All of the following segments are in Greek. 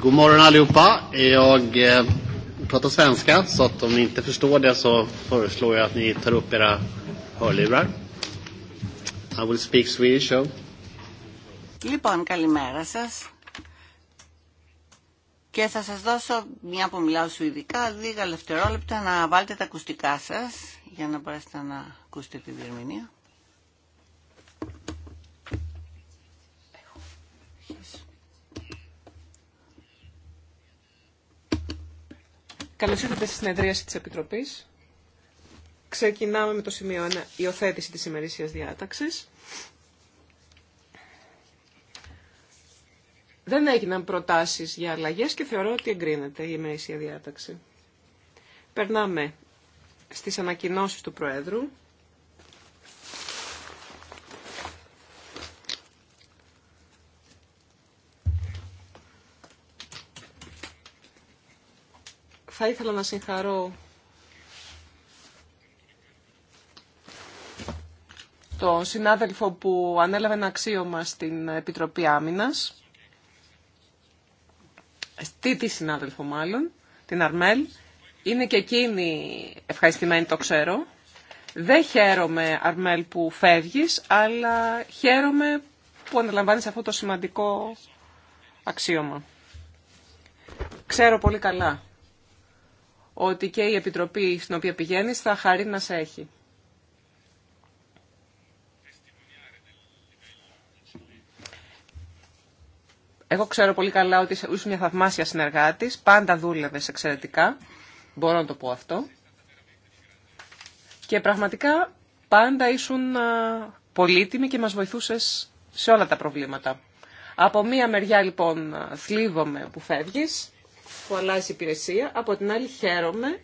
God morgon allihopa. Jag eh, pratar svenska, så att om ni inte förstår det så föreslår jag att ni tar upp era hörlurar. I will speak Swedish. So. Λοιπόν, καλημέρα σας. Και θα σας δώσω, μια που μιλάω σου ειδικά, λίγα λευτερόλεπτα να βάλετε τα ακουστικά σας για να μπορέσετε να ακούσετε τη διερμηνία. Καλώ ήρθατε στη συνεδρίαση της Επιτροπής. Ξεκινάμε με το σημείο 1, υιοθέτηση της ημερήσια διάταξη. Δεν έγιναν προτάσεις για αλλαγέ και θεωρώ ότι εγκρίνεται η ημερήσια διάταξη. Περνάμε στι ανακοινώσει του Προέδρου. Θα ήθελα να συγχαρώ τον συνάδελφο που ανέλαβε ένα αξίωμα στην Επιτροπή Άμυνας, τι τη συνάδελφο μάλλον, την Αρμέλ, είναι και εκείνη ευχαριστημένη, το ξέρω. Δεν χαίρομαι, Αρμέλ, που φεύγεις, αλλά χαίρομαι που αναλαμβάνεις αυτό το σημαντικό αξίωμα. Ξέρω πολύ καλά ότι και η Επιτροπή στην οποία πηγαίνει θα χαρεί να σε έχει. Εγώ ξέρω πολύ καλά ότι είσαι μια θαυμάσια συνεργάτη, πάντα δούλευε εξαιρετικά, μπορώ να το πω αυτό. Και πραγματικά πάντα ήσουν πολύτιμη και μας βοηθούσες σε όλα τα προβλήματα. Από μία μεριά λοιπόν θλίβομαι που φεύγεις, που αλλάζει υπηρεσία. Από την άλλη χαίρομαι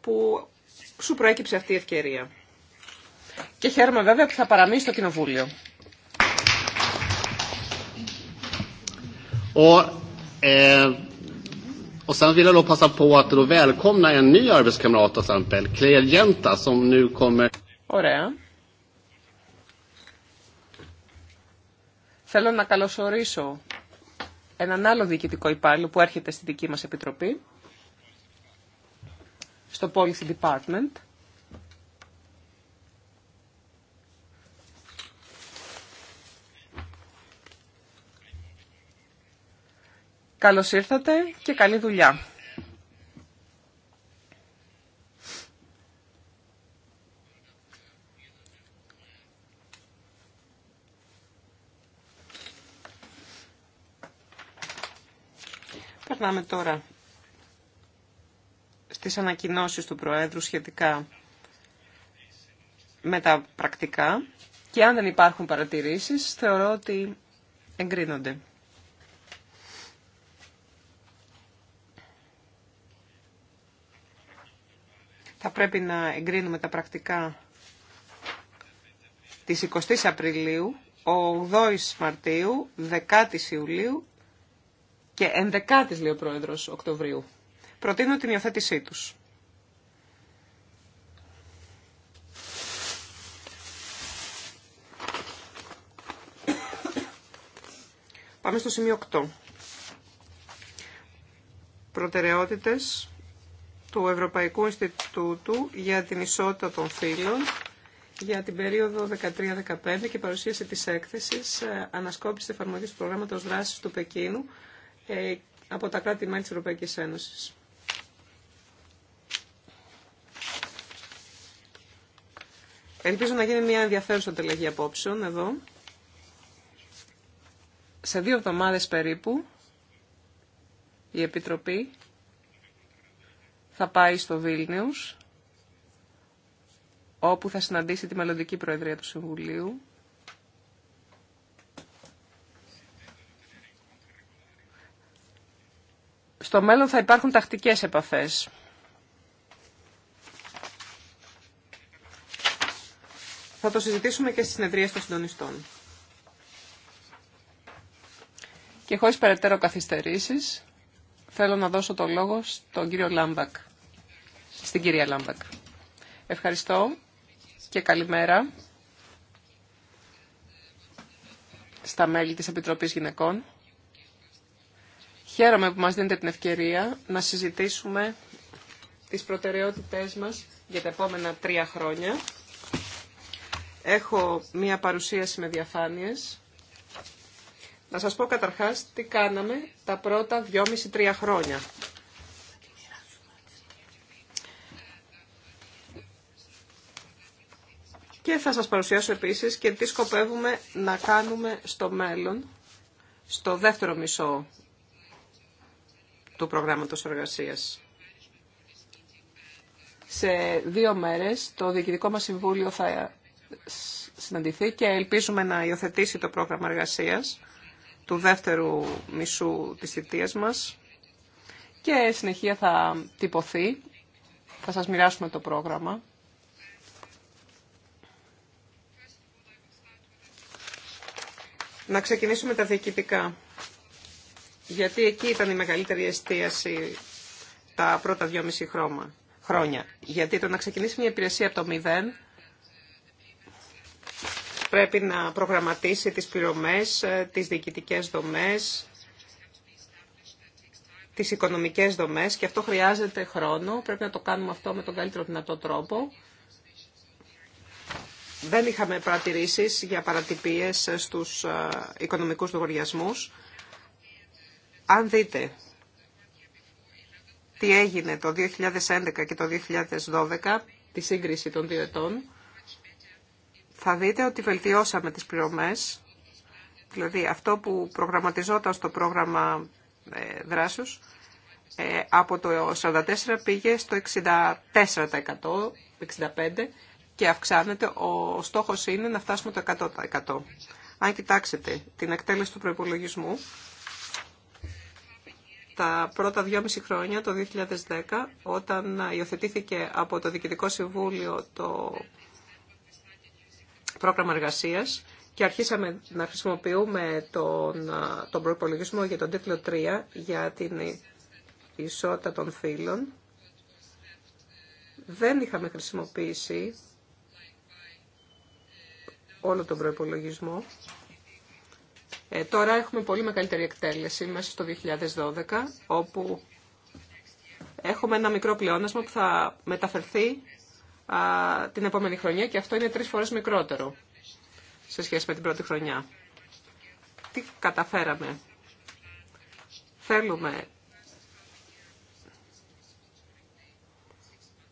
που σου προέκυψε αυτή η ευκαιρία. Και χαίρομαι βέβαια που θα παραμείνει στο Κοινοβούλιο. Ωραία. Θέλω να καλωσορίσω έναν άλλο διοικητικό υπάλληλο που έρχεται στη δική μας επιτροπή, στο Policy Department. Καλώς ήρθατε και καλή δουλειά. Περνάμε τώρα στις ανακοινώσεις του Προέδρου σχετικά με τα πρακτικά και αν δεν υπάρχουν παρατηρήσεις θεωρώ ότι εγκρίνονται. Θα πρέπει να εγκρίνουμε τα πρακτικά της 20 Απριλίου, 8 Μαρτίου, 10 Ιουλίου και ενδεκάτης, λέει ο Πρόεδρος, Οκτωβρίου. Προτείνω την υιοθέτησή τους. Πάμε στο σημείο 8. Προτεραιότητες του Ευρωπαϊκού Ινστιτούτου για την Ισότητα των Φύλων για την περίοδο 13-15 και παρουσίαση της έκθεσης ε, ανασκόπησης εφαρμογής του προγράμματος δράσης του Πεκίνου ε, από τα κράτη-μέλη της Ευρωπαϊκής Ένωσης. Ελπίζω να γίνει μια ενδιαφέρουσα ανταλλαγή απόψεων εδώ. Σε δύο εβδομάδες περίπου η Επιτροπή θα πάει στο Βίλνιους όπου θα συναντήσει τη μελλοντική Προεδρία του Συμβουλίου στο μέλλον θα υπάρχουν τακτικές επαφές. Θα το συζητήσουμε και στις συνεδρίες των συντονιστών. Και χωρίς περαιτέρω καθυστερήσεις, θέλω να δώσω το λόγο στον κύριο Λάμπακ, στην κυρία Λάμπακ. Ευχαριστώ και καλημέρα στα μέλη της Επιτροπής Γυναικών. Χαίρομαι που μας δίνετε την ευκαιρία να συζητήσουμε τις προτεραιότητές μας για τα επόμενα τρία χρόνια. Έχω μία παρουσίαση με διαφάνειες. Να σας πω καταρχάς τι κάναμε τα πρώτα δυόμιση-τρία χρόνια. Και θα σας παρουσιάσω επίσης και τι σκοπεύουμε να κάνουμε στο μέλλον, στο δεύτερο μισό του προγράμματος εργασίας. Σε δύο μέρες το Διοικητικό μας Συμβούλιο θα συναντηθεί και ελπίζουμε να υιοθετήσει το πρόγραμμα εργασίας του δεύτερου μισού της θητείας μας και συνεχεία θα τυπωθεί. Θα σας μοιράσουμε το πρόγραμμα. Να ξεκινήσουμε τα διοικητικά γιατί εκεί ήταν η μεγαλύτερη εστίαση τα πρώτα δυόμιση χρόνια. Γιατί το να ξεκινήσει μια υπηρεσία από το μηδέν πρέπει να προγραμματίσει τις πληρωμές, ε, τις διοικητικές δομές, τις οικονομικές δομές και αυτό χρειάζεται χρόνο. Πρέπει να το κάνουμε αυτό με τον καλύτερο δυνατό τρόπο. Δεν είχαμε παρατηρήσεις για παρατυπίες ε, στους ε, οικονομικούς λογαριασμού. Αν δείτε τι έγινε το 2011 και το 2012, τη σύγκριση των δύο ετών, θα δείτε ότι βελτιώσαμε τις πληρωμές, δηλαδή αυτό που προγραμματιζόταν στο πρόγραμμα ε, δράσους, ε, από το 44 πήγε στο 64%, 65% και αυξάνεται. Ο στόχος είναι να φτάσουμε το 100%. Αν κοιτάξετε την εκτέλεση του προϋπολογισμού, τα πρώτα δυόμιση χρόνια, το 2010, όταν υιοθετήθηκε από το Διοικητικό Συμβούλιο το πρόγραμμα εργασίας και αρχίσαμε να χρησιμοποιούμε τον, τον προπολογισμό για τον τίτλο 3 για την ισότητα των φύλων. Δεν είχαμε χρησιμοποιήσει όλο τον προϋπολογισμό ε, τώρα έχουμε πολύ μεγαλύτερη εκτέλεση μέσα στο 2012, όπου έχουμε ένα μικρό πλεόνασμα που θα μεταφερθεί την επόμενη χρονιά και αυτό είναι τρεις φορές μικρότερο σε σχέση με την πρώτη χρονιά. Τι καταφέραμε. Θέλουμε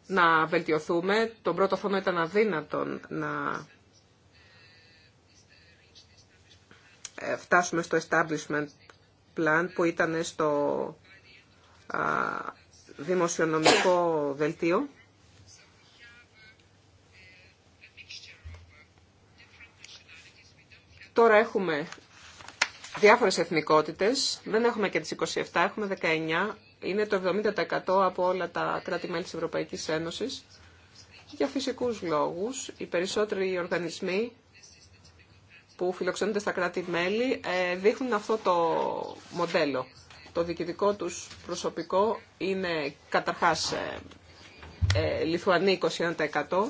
να βελτιωθούμε. Τον πρώτο φόνο ήταν αδύνατο να φτάσουμε στο establishment plan που ήταν στο δημοσιονομικό δελτίο. Τώρα έχουμε διάφορες εθνικότητες, δεν έχουμε και τις 27, έχουμε 19, είναι το 70% από όλα τα κράτη-μέλη της Ευρωπαϊκής Ένωσης. Για φυσικούς λόγους, οι περισσότεροι οργανισμοί που φιλοξενούνται στα κράτη-μέλη ε, δείχνουν αυτό το μοντέλο. Το διοικητικό τους προσωπικό είναι καταρχάς ε, ε, Λιθουανοί 21%.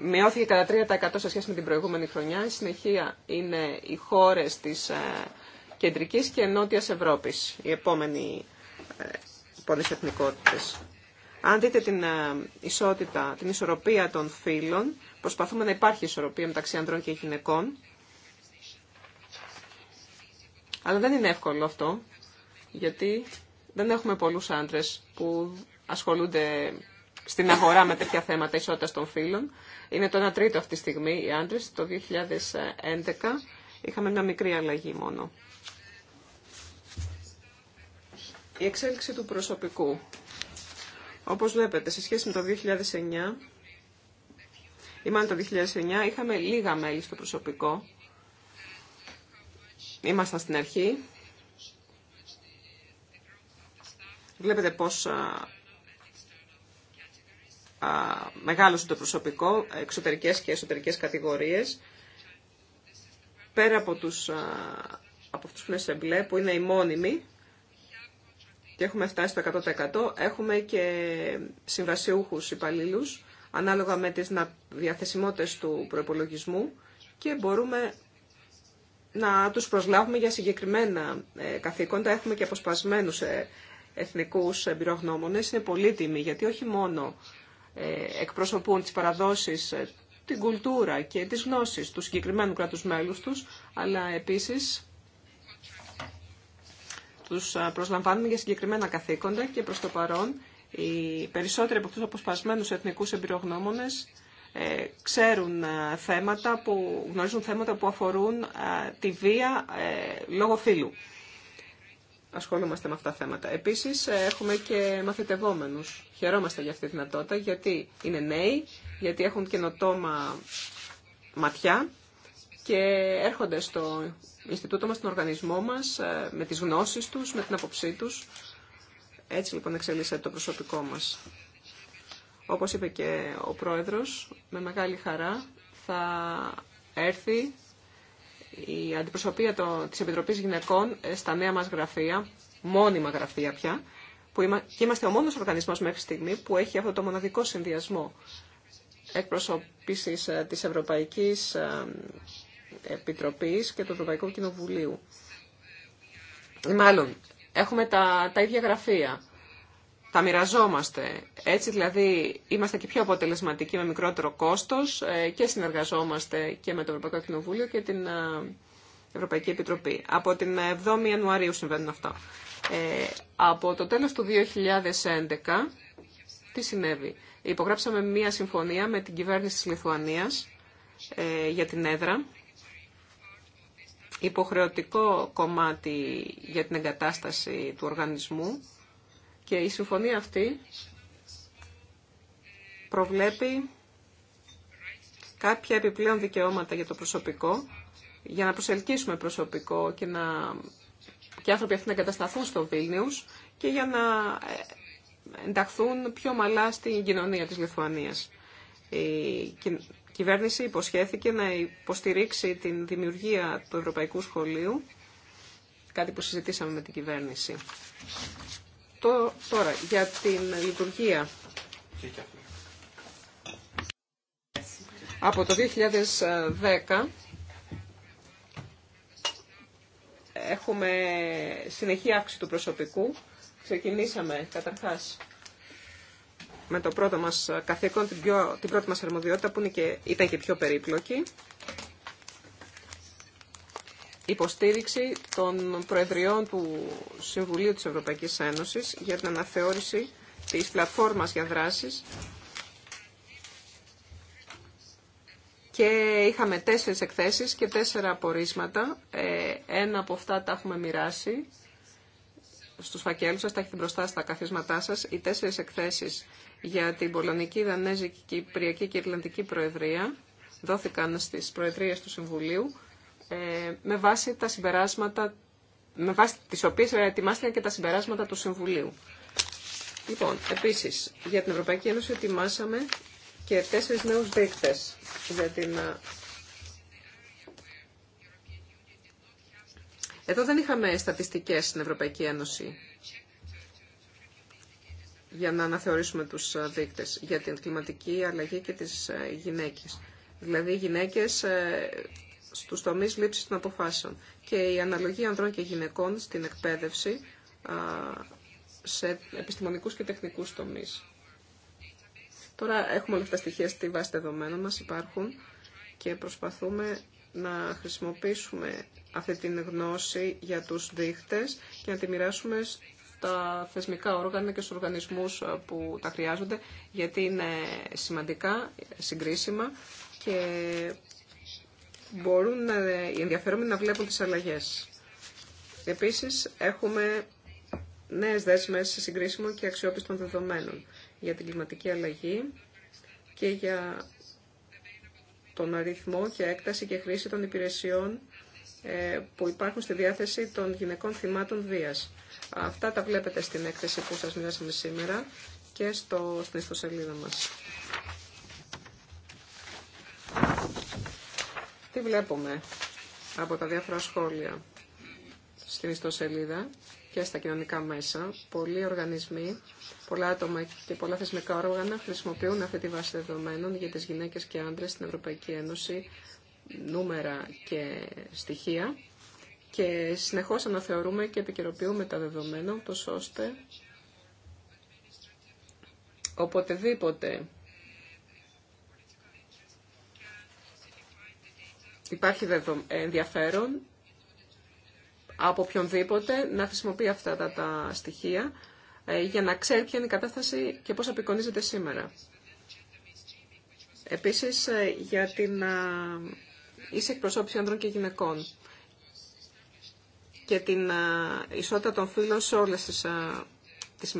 Μειώθηκε κατά 3% σε σχέση με την προηγούμενη χρονιά. Η συνεχεία είναι οι χώρες της Κεντρικής και Νότιας Ευρώπης, οι επόμενοι πολυεθνικότητες. Αν δείτε την ε, ισότητα, την ισορροπία των φύλων, προσπαθούμε να υπάρχει ισορροπία μεταξύ ανδρών και γυναικών. Αλλά δεν είναι εύκολο αυτό, γιατί δεν έχουμε πολλούς άντρες που ασχολούνται στην αγορά με τέτοια θέματα ισότητας των φύλων. Είναι το 1 τρίτο αυτή τη στιγμή οι άντρες. Το 2011 είχαμε μια μικρή αλλαγή μόνο. Η εξέλιξη του προσωπικού όπως βλέπετε, σε σχέση με το 2009, ή μάλλον το 2009, είχαμε λίγα μέλη στο προσωπικό. Ήμασταν στην αρχή. Βλέπετε πώς α, α, μεγάλωσε το προσωπικό, εξωτερικές και εσωτερικές κατηγορίες. Πέρα από, τους, από αυτούς που είναι σε μπλε, που είναι οι μόνιμοι, και έχουμε φτάσει στο 100%. Έχουμε και συμβασιούχου υπαλλήλου ανάλογα με τις διαθεσιμότητες του προπολογισμού και μπορούμε να τους προσλάβουμε για συγκεκριμένα ε, καθήκοντα. Έχουμε και αποσπασμένους ε, εθνικούς εμπειρογνώμονες. Είναι πολύτιμοι γιατί όχι μόνο ε, εκπροσωπούν τις παραδόσεις, την κουλτούρα και τις γνώσεις του συγκεκριμένου κράτους μέλους τους, αλλά επίσης τους προσλαμβάνουμε για συγκεκριμένα καθήκοντα και προς το παρόν οι περισσότεροι από τους αποσπασμένους εθνικούς εμπειρογνώμονες ε, ξέρουν θέματα που, γνωρίζουν θέματα που αφορούν τη βία ε, λόγω φύλου. Ασχολούμαστε με αυτά τα θέματα. Επίσης ε, έχουμε και μαθητευόμενους. Χαιρόμαστε για αυτή τη δυνατότητα γιατί είναι νέοι, γιατί έχουν καινοτόμα ματιά και έρχονται στο Ινστιτούτο μας, στον οργανισμό μας, ε, με τις γνώσεις τους, με την απόψή τους. Έτσι λοιπόν εξελίσσεται το προσωπικό μας. Όπως είπε και ο Πρόεδρος, με μεγάλη χαρά θα έρθει η αντιπροσωπεία το, της Επιτροπής Γυναικών ε, στα νέα μας γραφεία, μόνιμα γραφεία πια, που και είμαστε ο μόνος οργανισμός μέχρι στιγμή που έχει αυτό το μοναδικό συνδυασμό εκπροσωπήσεις ε, της Ευρωπαϊκής Επιτροπής και του Ευρωπαϊκού Κοινοβουλίου. Μάλλον, έχουμε τα, τα ίδια γραφεία. Τα μοιραζόμαστε. Έτσι δηλαδή είμαστε και πιο αποτελεσματικοί με μικρότερο κόστος ε, και συνεργαζόμαστε και με το Ευρωπαϊκό Κοινοβούλιο και την ε, Ευρωπαϊκή Επιτροπή. Από την 7η Ιανουαρίου συμβαίνουν αυτά. Ε, από το τέλος του 2011, τι συνέβη. Υπογράψαμε μία συμφωνία με την κυβέρνηση της Λιθουανίας ε, για την έδρα υποχρεωτικό κομμάτι για την εγκατάσταση του οργανισμού και η συμφωνία αυτή προβλέπει κάποια επιπλέον δικαιώματα για το προσωπικό, για να προσελκύσουμε προσωπικό και να και άνθρωποι αυτοί να εγκατασταθούν στο Βίλνιους και για να ε, ενταχθούν πιο μαλά στην κοινωνία της Λιθουανίας. Η κυβέρνηση υποσχέθηκε να υποστηρίξει την δημιουργία του Ευρωπαϊκού Σχολείου, κάτι που συζητήσαμε με την κυβέρνηση. Το, τώρα, για την λειτουργία. Από το 2010 έχουμε συνεχή αύξηση του προσωπικού. Ξεκινήσαμε καταρχάς με το πρώτο μας καθήκον, την, πιο, την πρώτη μας αρμοδιότητα που είναι και, ήταν και πιο περίπλοκη. Υποστήριξη των Προεδριών του Συμβουλίου της Ευρωπαϊκής Ένωσης για την αναθεώρηση της πλατφόρμας για δράσεις και είχαμε τέσσερις εκθέσεις και τέσσερα απορίσματα. Ε, ένα από αυτά τα έχουμε μοιράσει στους φακέλους σας, τα έχετε μπροστά στα καθίσματά σας. Οι τέσσερις εκθέσεις για την Πολωνική, Δανέζικη, Κυπριακή και Ιρλανδική Προεδρία δόθηκαν στις Προεδρίες του Συμβουλίου ε, με βάση τα συμπεράσματα με βάση τις οποίες ετοιμάστηκαν και τα συμπεράσματα του Συμβουλίου. Λοιπόν, επίσης, για την Ευρωπαϊκή Ένωση ετοιμάσαμε και τέσσερις νέους δείκτες για την... Ε, Εδώ δεν είχαμε στατιστικές στην Ευρωπαϊκή Ένωση για να αναθεωρήσουμε τους ε, δείκτες για την κλιματική αλλαγή και τις ε, γυναίκες. Δηλαδή οι γυναίκες ε, στους τομείς λήψης των αποφάσεων και η αναλογία ανδρών και γυναικών στην εκπαίδευση σε επιστημονικούς και τεχνικούς τομείς. Τώρα έχουμε όλα αυτά τα στοιχεία στη βάση δεδομένων μας, υπάρχουν και προσπαθούμε να χρησιμοποιήσουμε αυτή την γνώση για τους δείχτες και να τη μοιράσουμε τα θεσμικά όργανα και στους οργανισμούς ε, που τα χρειάζονται, γιατί είναι σημαντικά, συγκρίσιμα και μπορούν ε, οι ενδιαφέρομενοι να βλέπουν τις αλλαγές. Επίσης, έχουμε νέες δέσμες σε συγκρίσιμο και αξιόπιστων δεδομένων για την κλιματική αλλαγή και για τον αριθμό και έκταση και χρήση των υπηρεσιών ε, που υπάρχουν στη διάθεση των γυναικών θυμάτων βίας. Αυτά τα βλέπετε στην έκθεση που σας μοιράσαμε σήμερα και στο, στην ιστοσελίδα μας. Τι βλέπουμε από τα διάφορα σχόλια στην ιστοσελίδα και στα κοινωνικά μέσα. Πολλοί οργανισμοί, πολλά άτομα και πολλά θεσμικά όργανα χρησιμοποιούν αυτή τη βάση δεδομένων για τις γυναίκες και άντρες στην Ευρωπαϊκή Ένωση νούμερα και στοιχεία και συνεχώς αναθεωρούμε και επικαιροποιούμε τα δεδομένα, τόσο ώστε οποτεδήποτε υπάρχει ενδιαφέρον από οποιονδήποτε να χρησιμοποιεί αυτά τα, τα στοιχεία ε, για να ξέρει ποια είναι η κατάσταση και πώς απεικονίζεται σήμερα. Επίσης, ε, για την ίση εκπροσώπηση ανδρών και γυναικών και την ισότητα των φύλων σε όλες τις, τις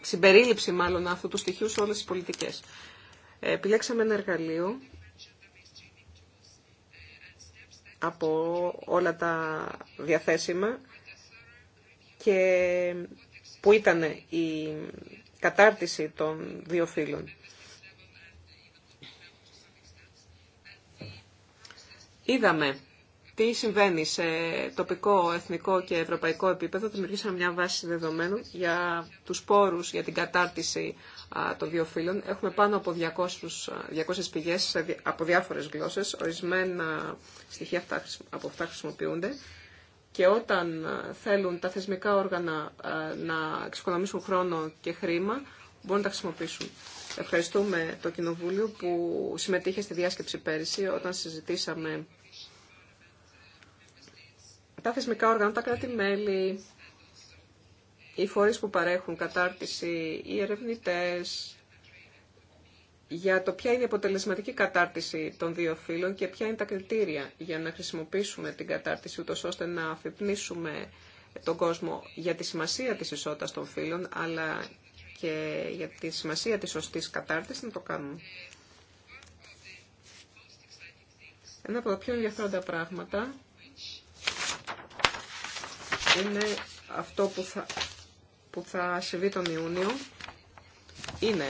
συμπερίληψη μάλλον αυτού του στοιχείου σε όλες τις πολιτικές. Ε, επιλέξαμε ένα εργαλείο από όλα τα διαθέσιμα και που ήταν η κατάρτιση των δύο φύλων. Είδαμε τι συμβαίνει σε τοπικό, εθνικό και ευρωπαϊκό επίπεδο. Δημιουργήσαμε μια βάση δεδομένων για τους πόρους, για την κατάρτιση των φύλων. Έχουμε πάνω από 200, 200 πηγές από διάφορες γλώσσες. Ορισμένα στοιχεία αυτά, από αυτά χρησιμοποιούνται. Και όταν θέλουν τα θεσμικά όργανα να εξοικονομήσουν χρόνο και χρήμα, μπορούν να τα χρησιμοποιήσουν. Ευχαριστούμε το Κοινοβούλιο που συμμετείχε στη διάσκεψη πέρυσι όταν συζητήσαμε τα θεσμικά όργανα, τα κράτη-μέλη, οι φορείς που παρέχουν κατάρτιση, οι ερευνητές, για το ποια είναι η αποτελεσματική κατάρτιση των δύο φύλων και ποια είναι τα κριτήρια για να χρησιμοποιήσουμε την κατάρτιση, ούτως ώστε να αφυπνίσουμε τον κόσμο για τη σημασία της ισότητας των φύλων, αλλά και για τη σημασία της σωστής κατάρτισης να το κάνουν. Ένα από τα πιο ενδιαφέροντα πράγματα είναι αυτό που θα, που θα συμβεί τον Ιούνιο. Είναι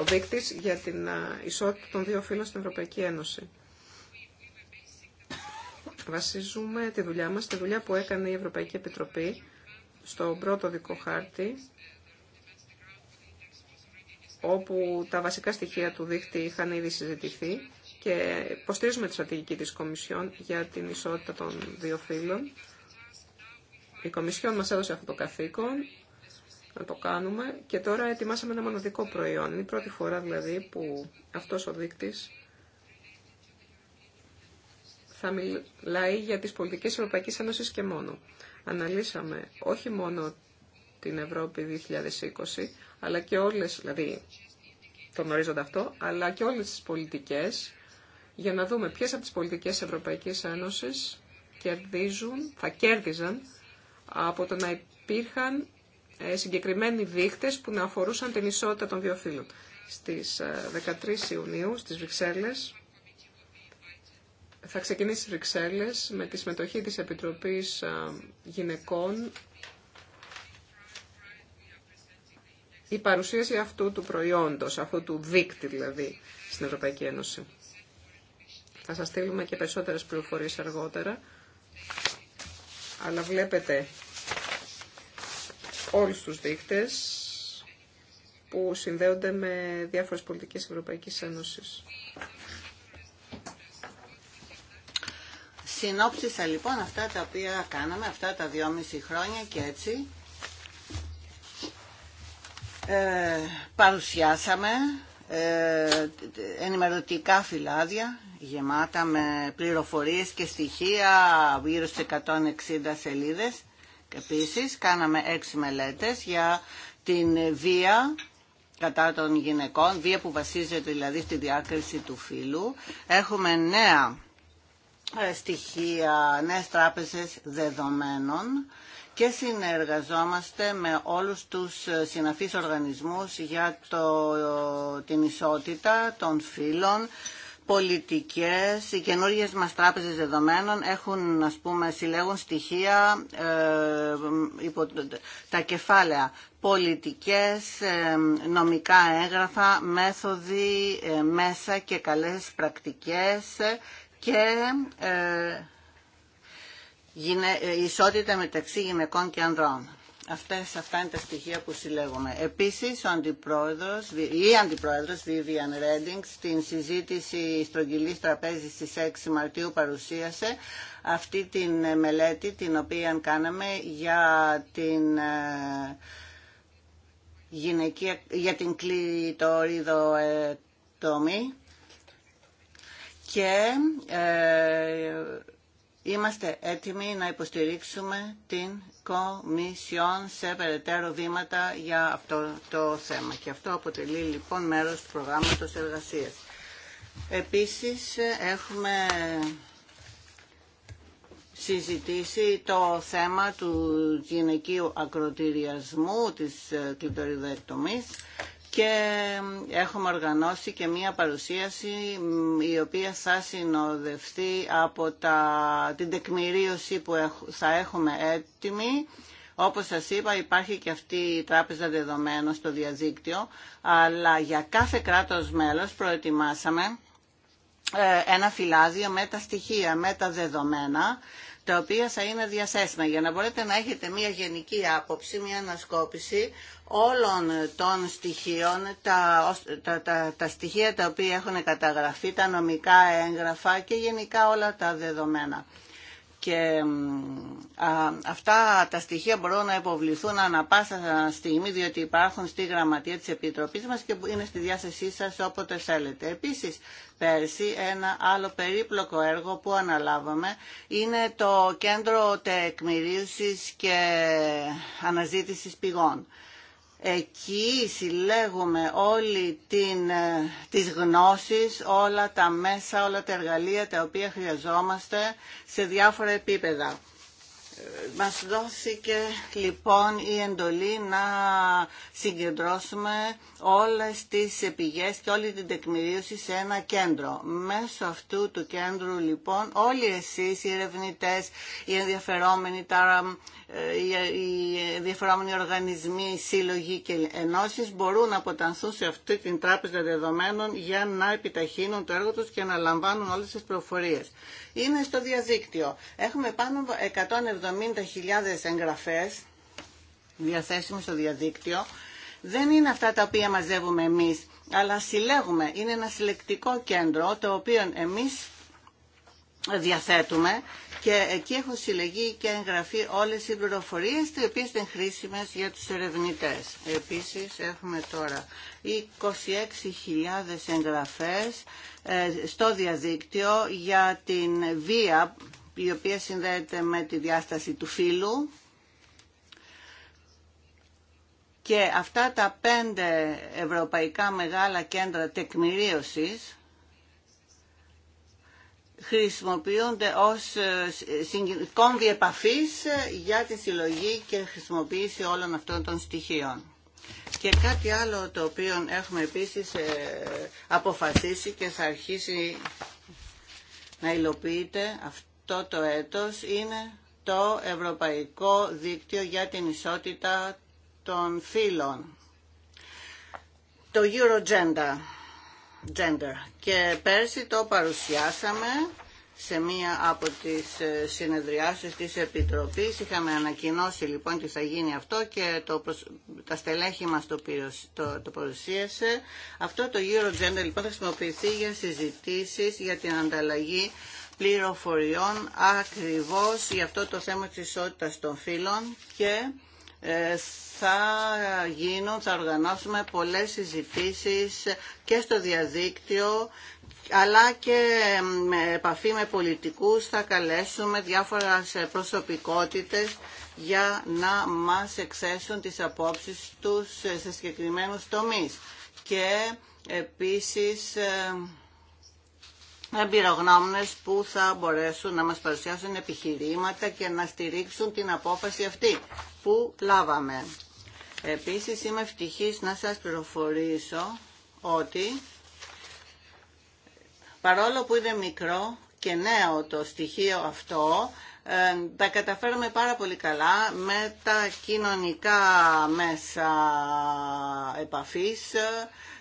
ο δείκτης για την ισότητα των δύο φύλων στην Ευρωπαϊκή Ένωση. Βασίζουμε τη δουλειά μας, τη δουλειά που έκανε η Ευρωπαϊκή Επιτροπή στο πρώτο δικό χάρτη όπου τα βασικά στοιχεία του δίκτυ είχαν ήδη συζητηθεί και υποστηρίζουμε τη στρατηγική της Κομισιόν για την ισότητα των δύο φύλων. Η Κομισιόν μας έδωσε αυτό το καθήκον να το κάνουμε και τώρα ετοιμάσαμε ένα μοναδικό προϊόν. Είναι η πρώτη φορά δηλαδή που αυτός ο δείκτης θα μιλάει για τις πολιτικές Ευρωπαϊκής Ένωσης και μόνο. Αναλύσαμε όχι μόνο την Ευρώπη 2020, αλλά και όλες, δηλαδή το γνωρίζονται αυτό, αλλά και όλες τις πολιτικές, για να δούμε ποιες από τις πολιτικές Ευρωπαϊκής Ένωσης κερδίζουν, θα κέρδιζαν από το να υπήρχαν ε, συγκεκριμένοι δείχτες που να αφορούσαν την ισότητα των δύο φύλων. Στις 13 ε, Ιουνίου, στις Βρυξέλλες, θα ξεκινήσει στις Βρυξέλλες με τη συμμετοχή της Επιτροπής ε, Γυναικών η παρουσίαση αυτού του προϊόντος, αυτού του δείκτη δηλαδή στην Ευρωπαϊκή Ένωση. Θα σας στείλουμε και περισσότερες πληροφορίες αργότερα, αλλά βλέπετε όλους τους δείκτες που συνδέονται με διάφορες πολιτικές Ευρωπαϊκής Ένωσης. Συνόψισα λοιπόν αυτά τα οποία κάναμε αυτά τα δυόμιση χρόνια και έτσι ε, παρουσιάσαμε ε, ενημερωτικά φυλάδια γεμάτα με πληροφορίες και στοιχεία γύρω στις 160 σελίδες. Επίσης κάναμε έξι μελέτες για την βία κατά των γυναικών, βία που βασίζεται δηλαδή στη διάκριση του φύλου. Έχουμε νέα ε, στοιχεία, νέες τράπεζες δεδομένων και συνεργαζόμαστε με όλους τους συναφείς οργανισμούς για το, την ισότητα των φύλων, πολιτικές, οι καινούργιες μας τράπεζες δεδομένων έχουν, ας πούμε, συλλέγουν στοιχεία ε, υπό, τα κεφάλαια πολιτικές, ε, νομικά έγγραφα, μέθοδοι, ε, μέσα και καλές πρακτικές και ε, ισότητα μεταξύ γυναικών και ανδρών. Αυτές, αυτά είναι τα στοιχεία που συλλέγουμε. Επίσης, ο αντιπρόεδρος, η αντιπρόεδρος Vivian Redding στην συζήτηση στρογγυλής τραπέζης στις 6 Μαρτίου παρουσίασε αυτή την ε, μελέτη την οποία κάναμε για την ε, γυναική, για την κλειτορίδο τομή και ε, Είμαστε έτοιμοι να υποστηρίξουμε την Κομισιόν σε περαιτέρω βήματα για αυτό το θέμα. Και αυτό αποτελεί λοιπόν μέρος του προγράμματος εργασίας. Επίσης έχουμε συζητήσει το θέμα του γυναικείου ακροτηριασμού της ε, κλειτοριδεκτομής και έχουμε οργανώσει και μία παρουσίαση η οποία θα συνοδευτεί από τα, την τεκμηρίωση που θα έχουμε έτοιμη. Όπως σας είπα υπάρχει και αυτή η τράπεζα δεδομένων στο διαδίκτυο, αλλά για κάθε κράτος μέλος προετοιμάσαμε ε, ένα φυλάδιο με τα στοιχεία, με τα δεδομένα τα οποία θα είναι διαθέσιμα για να μπορείτε να έχετε μια γενική άποψη, μια ανασκόπηση όλων των στοιχείων, τα, τα, τα, τα στοιχεία τα οποία έχουν καταγραφεί, τα νομικά έγγραφα και γενικά όλα τα δεδομένα και αυτά τα στοιχεία μπορούν να υποβληθούν ανα πάσα στιγμή διότι υπάρχουν στη γραμματεία της Επιτροπής μας και είναι στη διάθεσή σας όποτε θέλετε. Επίσης, πέρσι ένα άλλο περίπλοκο έργο που αναλάβαμε είναι το Κέντρο Τεκμηρίωσης και Αναζήτησης Πηγών. Εκεί συλλέγουμε όλη την, ε, τις γνώσεις, όλα τα μέσα, όλα τα εργαλεία τα οποία χρειαζόμαστε σε διάφορα επίπεδα. Ε, μας δόθηκε λοιπόν η εντολή να συγκεντρώσουμε όλες τις επιγές και όλη την τεκμηρίωση σε ένα κέντρο. Μέσω αυτού του κέντρου λοιπόν όλοι εσείς οι ερευνητές, οι ενδιαφερόμενοι, τα ε, οι διαφοράμενοι οργανισμοί, σύλλογοι και ενώσεις μπορούν να αποτανθούν σε αυτή την τράπεζα δεδομένων για να επιταχύνουν το έργο τους και να λαμβάνουν όλες τις προφορίες. Είναι στο διαδίκτυο. Έχουμε πάνω 170.000 εγγραφές διαθέσιμες στο διαδίκτυο. Δεν είναι αυτά τα οποία μαζεύουμε εμείς, αλλά συλλέγουμε. Είναι ένα συλλεκτικό κέντρο το οποίο εμείς διαθέτουμε και εκεί έχω συλλεγεί και εγγραφεί όλες οι πληροφορίες οι οποίες είναι χρήσιμες για τους ερευνητές. Επίσης έχουμε τώρα 26.000 εγγραφές ε, στο διαδίκτυο για την βία η οποία συνδέεται με τη διάσταση του φύλου και αυτά τα πέντε ευρωπαϊκά μεγάλα κέντρα τεκμηρίωσης χρησιμοποιούνται ως ε, κόμβι επαφής ε, για τη συλλογή και χρησιμοποίηση όλων αυτών των στοιχείων. Και κάτι άλλο το οποίο έχουμε επίσης ε, αποφασίσει και θα αρχίσει να υλοποιείται αυτό το έτος είναι το Ευρωπαϊκό Δίκτυο για την Ισότητα των Φύλων, το Eurogender gender. Και πέρσι το παρουσιάσαμε σε μία από τις ε, συνεδριάσεις της Επιτροπής. Είχαμε ανακοινώσει λοιπόν τι θα γίνει αυτό και το, τα στελέχη μας το, το, το παρουσίασε. Αυτό το Eurogender λοιπόν θα χρησιμοποιηθεί για συζητήσεις για την ανταλλαγή πληροφοριών ακριβώς για αυτό το θέμα της ισότητας των φύλων και ε, θα γίνουν, θα οργανώσουμε πολλές συζητήσεις και στο διαδίκτυο αλλά και με επαφή με πολιτικούς θα καλέσουμε διάφορα προσωπικότητες για να μας εξέσουν τις απόψεις τους σε συγκεκριμένους τομείς. Και επίσης ε, εμπειρογνώμονες που θα μπορέσουν να μας παρουσιάσουν επιχειρήματα και να στηρίξουν την απόφαση αυτή που λάβαμε. Επίσης είμαι ευτυχής να σας πληροφορήσω ότι παρόλο που είναι μικρό και νέο το στοιχείο αυτό, ε, τα καταφέρουμε πάρα πολύ καλά με τα κοινωνικά μέσα επαφής.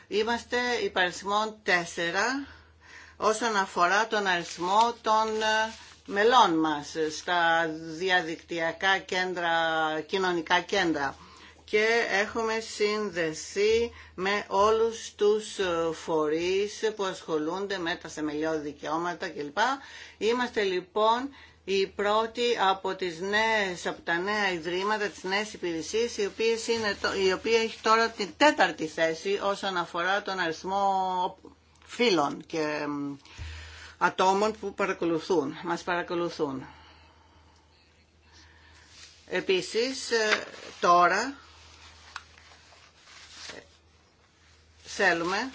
Είμαστε υπαρισμόν τέσσερα όσον αφορά τον αριθμό των ε, μελών μας στα διαδικτυακά κέντρα, κοινωνικά κέντρα και έχουμε συνδεθεί με όλους τους ε, φορείς που ασχολούνται με τα θεμελιώδη δικαιώματα κλπ. Είμαστε λοιπόν οι πρώτοι από, τις νέες, από τα νέα ιδρύματα, τις νέες υπηρεσίες, οι η οποία έχει τώρα την τέταρτη θέση όσον αφορά τον αριθμό φίλων και ατόμων που παρακολουθούν, μας παρακολουθούν. Επίσης, ε, τώρα ε, θέλουμε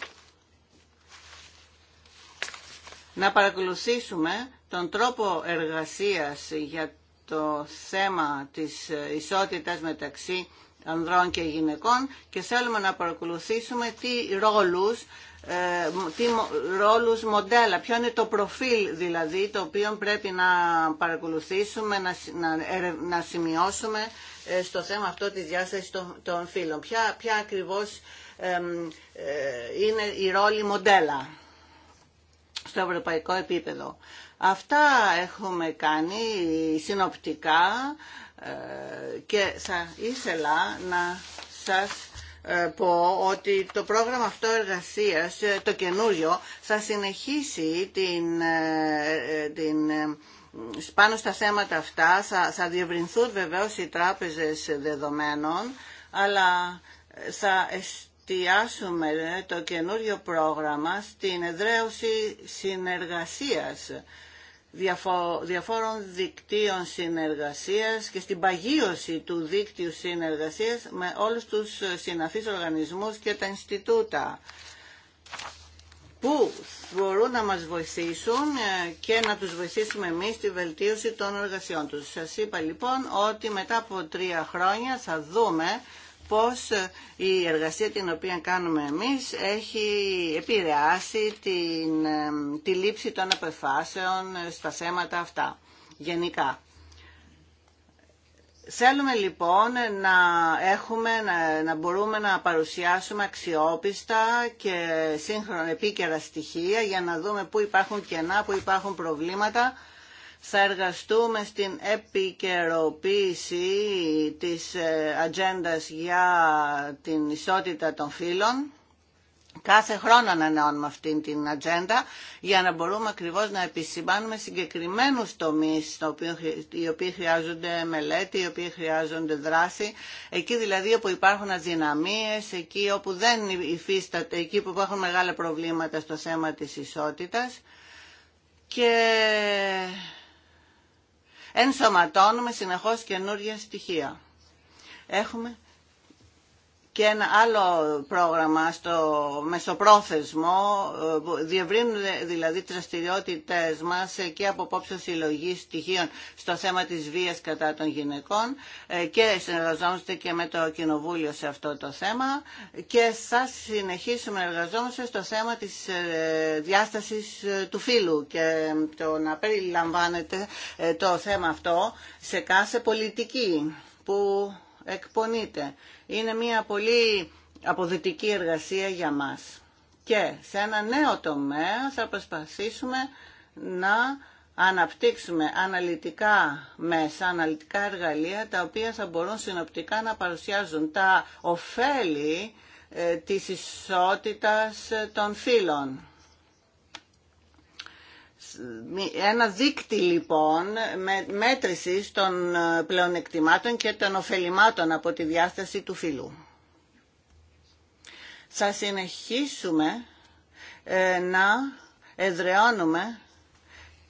να παρακολουθήσουμε τον τρόπο εργασίας για το θέμα της ε, ισότητας μεταξύ ανδρών και γυναικών και θέλουμε να παρακολουθήσουμε τι ρόλους ε, τι ρόλους μοντέλα, ποιο είναι το προφίλ δηλαδή το οποίο πρέπει να παρακολουθήσουμε, να, να, σημειώσουμε ε, στο θέμα αυτό της διάσταση των, των φύλων. Ποια, ποια ακριβώς ε, είναι η ρόλη μοντέλα στο ευρωπαϊκό επίπεδο. Αυτά έχουμε κάνει συνοπτικά και θα ήθελα να σας ε, πω ότι το πρόγραμμα αυτό εργασίας, ε, το καινούριο, θα συνεχίσει την, ε, την πάνω στα θέματα αυτά, θα, θα διευρυνθούν βεβαίως οι τράπεζες δεδομένων, αλλά θα εστιάσουμε το καινούριο πρόγραμμα στην εδραίωση συνεργασίας διαφόρων δικτύων συνεργασίας και στην παγίωση του δίκτυου συνεργασίας με όλους τους συναφείς οργανισμούς και τα Ινστιτούτα που μπορούν να μας βοηθήσουν ε, και να τους βοηθήσουμε εμείς στη βελτίωση των εργασιών τους. Σας είπα λοιπόν ότι μετά από τρία χρόνια θα δούμε πώς ε, η εργασία την οποία κάνουμε εμείς έχει επηρεάσει την, ε, τη λήψη των αποφάσεων ε, στα θέματα αυτά γενικά. Θέλουμε λοιπόν να έχουμε, να, να μπορούμε να παρουσιάσουμε αξιόπιστα και σύγχρονα επίκαιρα στοιχεία για να δούμε πού υπάρχουν κενά, πού υπάρχουν προβλήματα θα εργαστούμε στην επικαιροποίηση της ε, ατζέντα για την ισότητα των φύλων. Κάθε χρόνο ανανεώνουμε αυτήν την ατζέντα για να μπορούμε ακριβώς να επισημάνουμε συγκεκριμένους τομείς οι οποίοι χρειάζονται μελέτη, οι οποίοι χρειάζονται δράση. Εκεί δηλαδή όπου υπάρχουν αδυναμίες, εκεί όπου δεν υφίσταται, εκεί που υπάρχουν μεγάλα προβλήματα στο θέμα της ισότητας. Και ενσωματώνουμε συνεχώς καινούργια στοιχεία. Έχουμε και ένα άλλο πρόγραμμα στο μεσοπρόθεσμο, ε, διευρύνουν ε, δηλαδή τι δραστηριότητε μας ε, και από απόψε συλλογή στοιχείων στο θέμα της βίας κατά των γυναικών και συνεργαζόμαστε και με το Κοινοβούλιο σε αυτό το θέμα και θα συνεχίσουμε να εργαζόμαστε στο θέμα της διάστασης του φύλου και το να περιλαμβάνεται το θέμα αυτό σε κάθε πολιτική που εκπονείται. Είναι μια πολύ αποδυτική εργασία για μας. Και σε ένα νέο τομέα θα προσπαθήσουμε να αναπτύξουμε αναλυτικά μέσα, αναλυτικά εργαλεία, τα οποία θα μπορούν συνοπτικά να παρουσιάζουν τα ωφέλη ε, της ισότητας των φύλων ένα δίκτυ λοιπόν με μέτρησης των ε, πλεονεκτημάτων και των ωφελημάτων από τη διάσταση του φύλου. Θα συνεχίσουμε ε, να εδραιώνουμε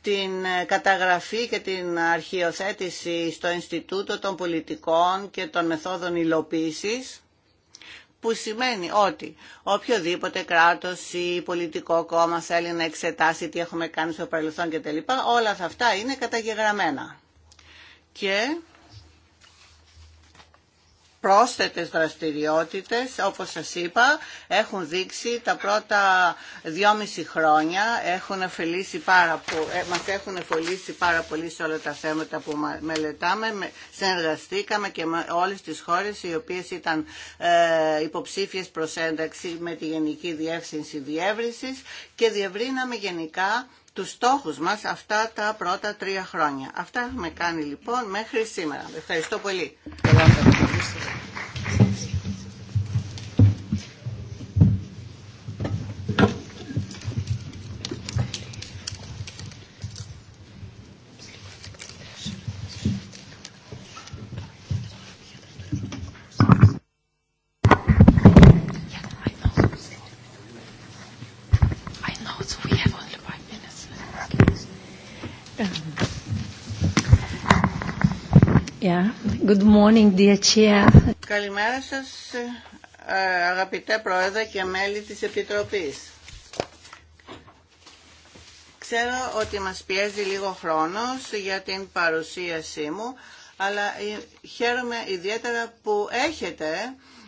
την ε, καταγραφή και την αρχιοθέτηση στο Ινστιτούτο των Πολιτικών και των Μεθόδων Υλοποίησης που σημαίνει ότι οποιοδήποτε κράτο ή πολιτικό κόμμα θέλει να εξετάσει τι έχουμε κάνει στο παρελθόν κτλ. Όλα αυτά είναι καταγεγραμμένα. Και πρόσθετες δραστηριότητες, όπως σας είπα, έχουν δείξει τα πρώτα δυόμιση χρόνια, έχουν πάρα ε, μας έχουν εφολίσει πάρα πολύ σε όλα τα θέματα που μελετάμε. Συνεργαστήκαμε και με όλες τις χώρες οι οποίες ήταν ε, υποψήφιες προς ένταξη με τη Γενική Διεύθυνση Διεύρυνσης και διευρύναμε γενικά τους στόχους μας αυτά τα πρώτα τρία χρόνια. Αυτά έχουμε κάνει λοιπόν μέχρι σήμερα. Ευχαριστώ πολύ. Good morning, dear Καλημέρα σας, ε, αγαπητέ Πρόεδρε και μέλη της Επιτροπής. Ξέρω ότι μας πιέζει λίγο χρόνος για την παρουσίασή μου, αλλά ε, χαίρομαι ιδιαίτερα που έχετε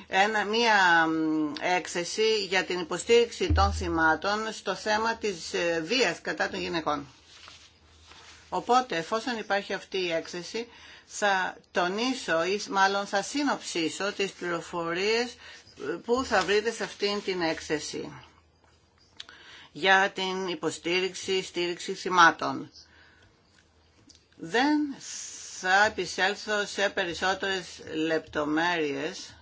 ένα, μία έκθεση για την υποστήριξη των θυμάτων στο θέμα της ε, βίας κατά των γυναικών. Οπότε, εφόσον υπάρχει αυτή η έκθεση, θα τονίσω ή μάλλον θα συνοψίσω τις πληροφορίες που θα βρείτε σε αυτήν την έκθεση για την υποστήριξη, στήριξη θυμάτων. Δεν θα επισέλθω σε περισσότερες λεπτομέρειες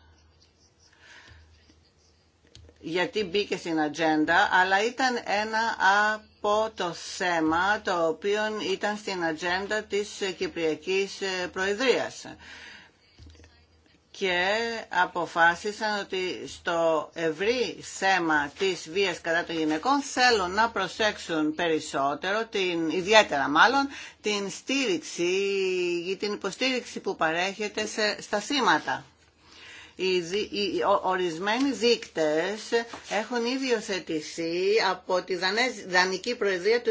γιατί μπήκε στην ατζέντα, αλλά ήταν ένα από το θέμα το οποίο ήταν στην ατζέντα της Κυπριακής Προεδρίας και αποφάσισαν ότι στο ευρύ θέμα της βίας κατά των γυναικών θέλουν να προσέξουν περισσότερο, την, ιδιαίτερα μάλλον, την στήριξη, την υποστήριξη που παρέχεται στα σήματα οι ορισμένοι δείκτες έχουν ήδη οθετηθεί από τη Δανική Προεδρία του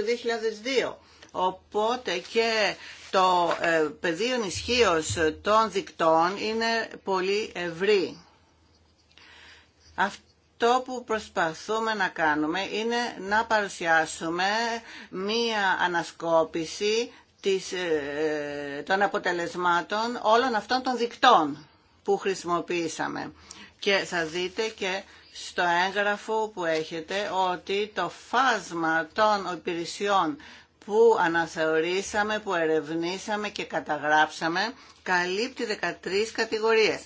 2002. Οπότε και το ε, πεδίο ισχύω των δικτών είναι πολύ ευρύ. Αυτό που προσπαθούμε να κάνουμε είναι να παρουσιάσουμε μία ανασκόπηση της, ε, των αποτελεσμάτων όλων αυτών των δικτών που χρησιμοποιήσαμε. Και θα δείτε και στο έγγραφο που έχετε ότι το φάσμα των υπηρεσιών που αναθεωρήσαμε, που ερευνήσαμε και καταγράψαμε καλύπτει 13 κατηγορίες.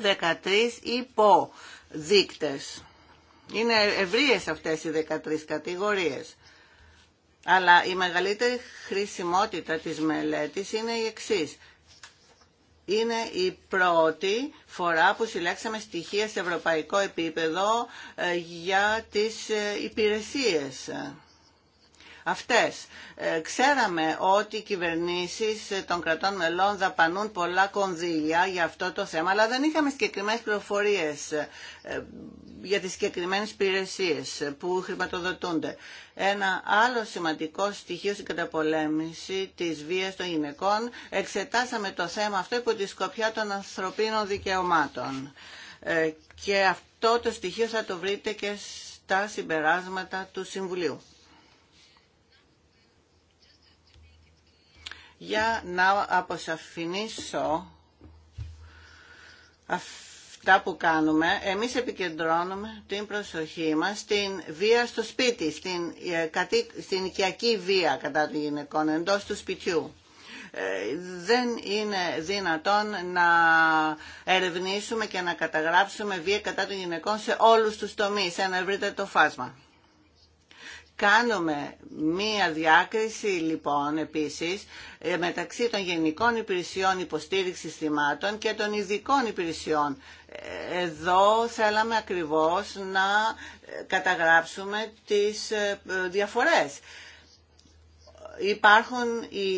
13 υποδείκτες. Είναι ευρείες αυτές οι 13 κατηγορίες. Αλλά η μεγαλύτερη χρησιμότητα της μελέτης είναι η εξής είναι η πρώτη φορά που συλλέξαμε στοιχεία σε ευρωπαϊκό επίπεδο ε, για τις ε, υπηρεσίες αυτές. Ε, ξέραμε ότι οι κυβερνήσεις των κρατών μελών δαπανούν πολλά κονδύλια για αυτό το θέμα, αλλά δεν είχαμε συγκεκριμένες πληροφορίες ε, για τις συγκεκριμένες υπηρεσίε που χρηματοδοτούνται. Ένα άλλο σημαντικό στοιχείο στην καταπολέμηση της βίας των γυναικών εξετάσαμε το θέμα αυτό υπό τη σκοπιά των ανθρωπίνων δικαιωμάτων. Ε, και αυτό το στοιχείο θα το βρείτε και στα συμπεράσματα του Συμβουλίου. για να αποσαφηνίσω αυτά που κάνουμε. Εμείς επικεντρώνουμε την προσοχή μας στην βία στο σπίτι, στην, ε, στην οικιακή βία κατά των γυναικών εντός του σπιτιού. Ε, δεν είναι δυνατόν να ερευνήσουμε και να καταγράψουμε βία κατά των γυναικών σε όλους τους τομείς, ένα ευρύτερο το φάσμα. Κάνουμε μία διάκριση λοιπόν επίσης ε, μεταξύ των γενικών υπηρεσιών υποστήριξης θυμάτων και των ειδικών υπηρεσιών. Ε, εδώ θέλαμε ακριβώς να ε, καταγράψουμε τις διαφορές. Υπάρχουν οι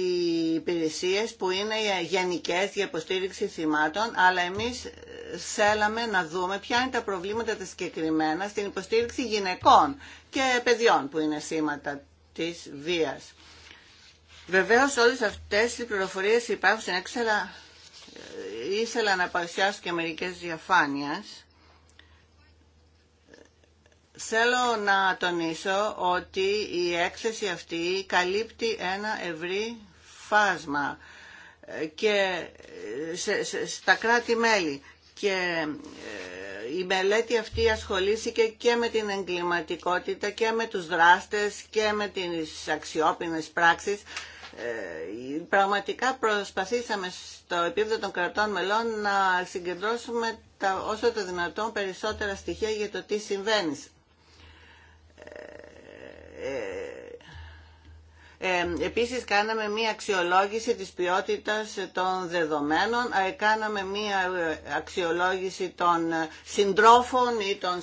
υπηρεσίες που είναι γενικές για υποστήριξη θυμάτων, αλλά εμείς θέλαμε να δούμε ποια είναι τα προβλήματα τα συγκεκριμένα στην υποστήριξη γυναικών και παιδιών που είναι σήματα της βίας. Βεβαίως όλες αυτές οι πληροφορίες υπάρχουν, ε, ήθελα να παρουσιάσω και μερικές διαφάνειες. Θέλω να τονίσω ότι η έκθεση αυτή καλύπτει ένα ευρύ φάσμα ε, και ε, στα κράτη-μέλη και ε, η μελέτη αυτή ασχολήθηκε και με την εγκληματικότητα και με τους δράστες και με τις αξιόπινες πράξεις. Ε, πραγματικά προσπαθήσαμε στο επίπεδο των κρατών μελών να συγκεντρώσουμε τα, όσο το δυνατόν περισσότερα στοιχεία για το τι συμβαίνει Ε, επίσης κάναμε μία αξιολόγηση της ποιότητας των δεδομένων, ε, κάναμε μία ε, αξιολόγηση των ε, συντρόφων ή των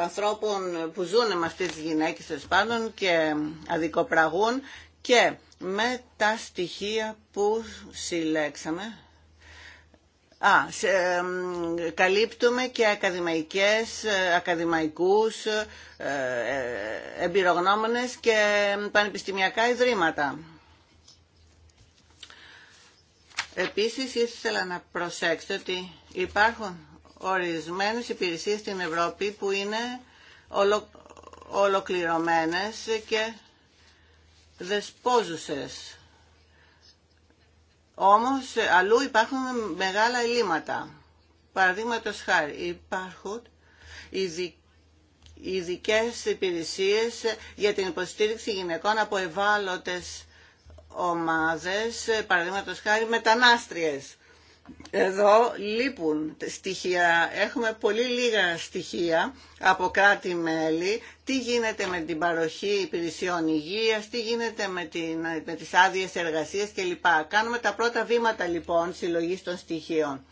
ανθρώπων που ζουν με αυτές τις γυναίκες πάντων και αδικοπραγούν και με τα στοιχεία που συλλέξαμε Α, σε, καλύπτουμε και ακαδημαϊκές, ε, ακαδημαϊκούς, ε, ε και πανεπιστημιακά ιδρύματα. Επίσης ήθελα να προσέξω ότι υπάρχουν ορισμένες υπηρεσίες στην Ευρώπη που είναι ολο, ολοκληρωμένες και δεσπόζουσες όμως αλλού υπάρχουν μεγάλα ελλείμματα. Παραδείγματο χάρη υπάρχουν ειδικέ υπηρεσίες για την υποστήριξη γυναικών από ευάλωτες ομάδες, παραδείγματος χάρη μετανάστριες. Εδώ λείπουν στοιχεία, έχουμε πολύ λίγα στοιχεία από κράτη-μέλη, τι γίνεται με την παροχή υπηρεσιών υγείας, τι γίνεται με, την, με τις άδειες εργασίες κλπ. Κάνουμε τα πρώτα βήματα λοιπόν συλλογής των στοιχείων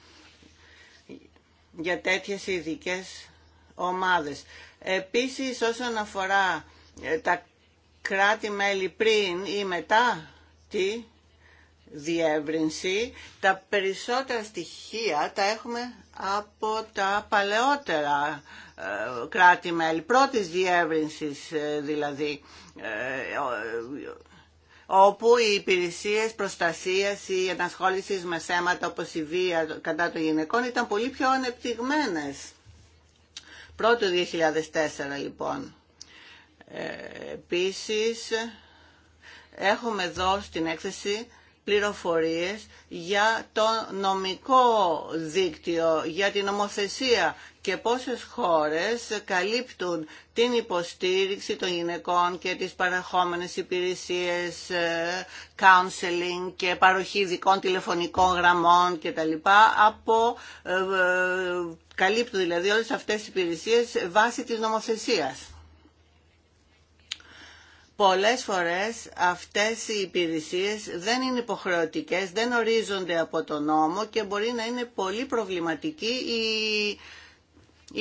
για τέτοιες ειδικέ ομάδες. Επίσης όσον αφορά ε, τα κράτη-μέλη πριν ή μετά, τι διεύρυνση. Τα περισσότερα στοιχεία τα έχουμε από τα παλαιότερα ε, κράτη-μέλη, πρώτης διεύρυνσης ε, δηλαδή, ε, όπου οι υπηρεσίες προστασίας ή ενασχόλησης με θέματα όπως η βία κατά των γυναικών ήταν πολύ πιο ανεπτυγμένες. Πρώτο 2004 λοιπόν. επίσης, έχουμε εδώ στην έκθεση πληροφορίες για το νομικό δίκτυο, για την νομοθεσία και πόσες χώρες καλύπτουν την υποστήριξη των γυναικών και τις παρεχόμενες υπηρεσίες, ε, counseling και παροχή ειδικών τηλεφωνικών γραμμών κτλ. Από, ε, ε, καλύπτουν δηλαδή όλες αυτές τις υπηρεσίες βάσει της νομοθεσίας. Πολλές φορές αυτές οι υπηρεσίες δεν είναι υποχρεωτικές, δεν ορίζονται από το νόμο και μπορεί να είναι πολύ προβληματική η, η,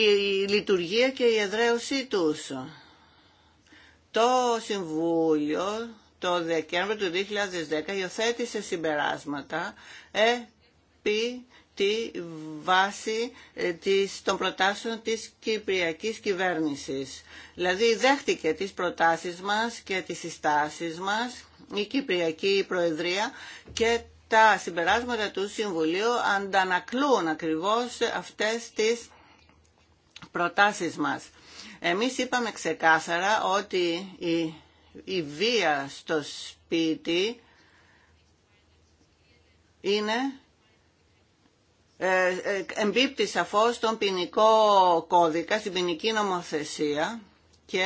λειτουργία και η εδραίωσή τους. Το Συμβούλιο το Δεκέμβριο του 2010 υιοθέτησε συμπεράσματα επί τη βάση ε, της, των προτάσεων της Κυπριακής κυβέρνησης. Δηλαδή δέχτηκε τις προτάσεις μας και τις συστάσεις μας η Κυπριακή Προεδρία και τα συμπεράσματα του Συμβουλίου αντανακλούν ακριβώς αυτές τις προτάσεις μας. Εμείς είπαμε ξεκάθαρα ότι η, η βία στο σπίτι είναι ε, ε, εμπίπτει σαφώς στον ποινικό κώδικα, στην ποινική νομοθεσία και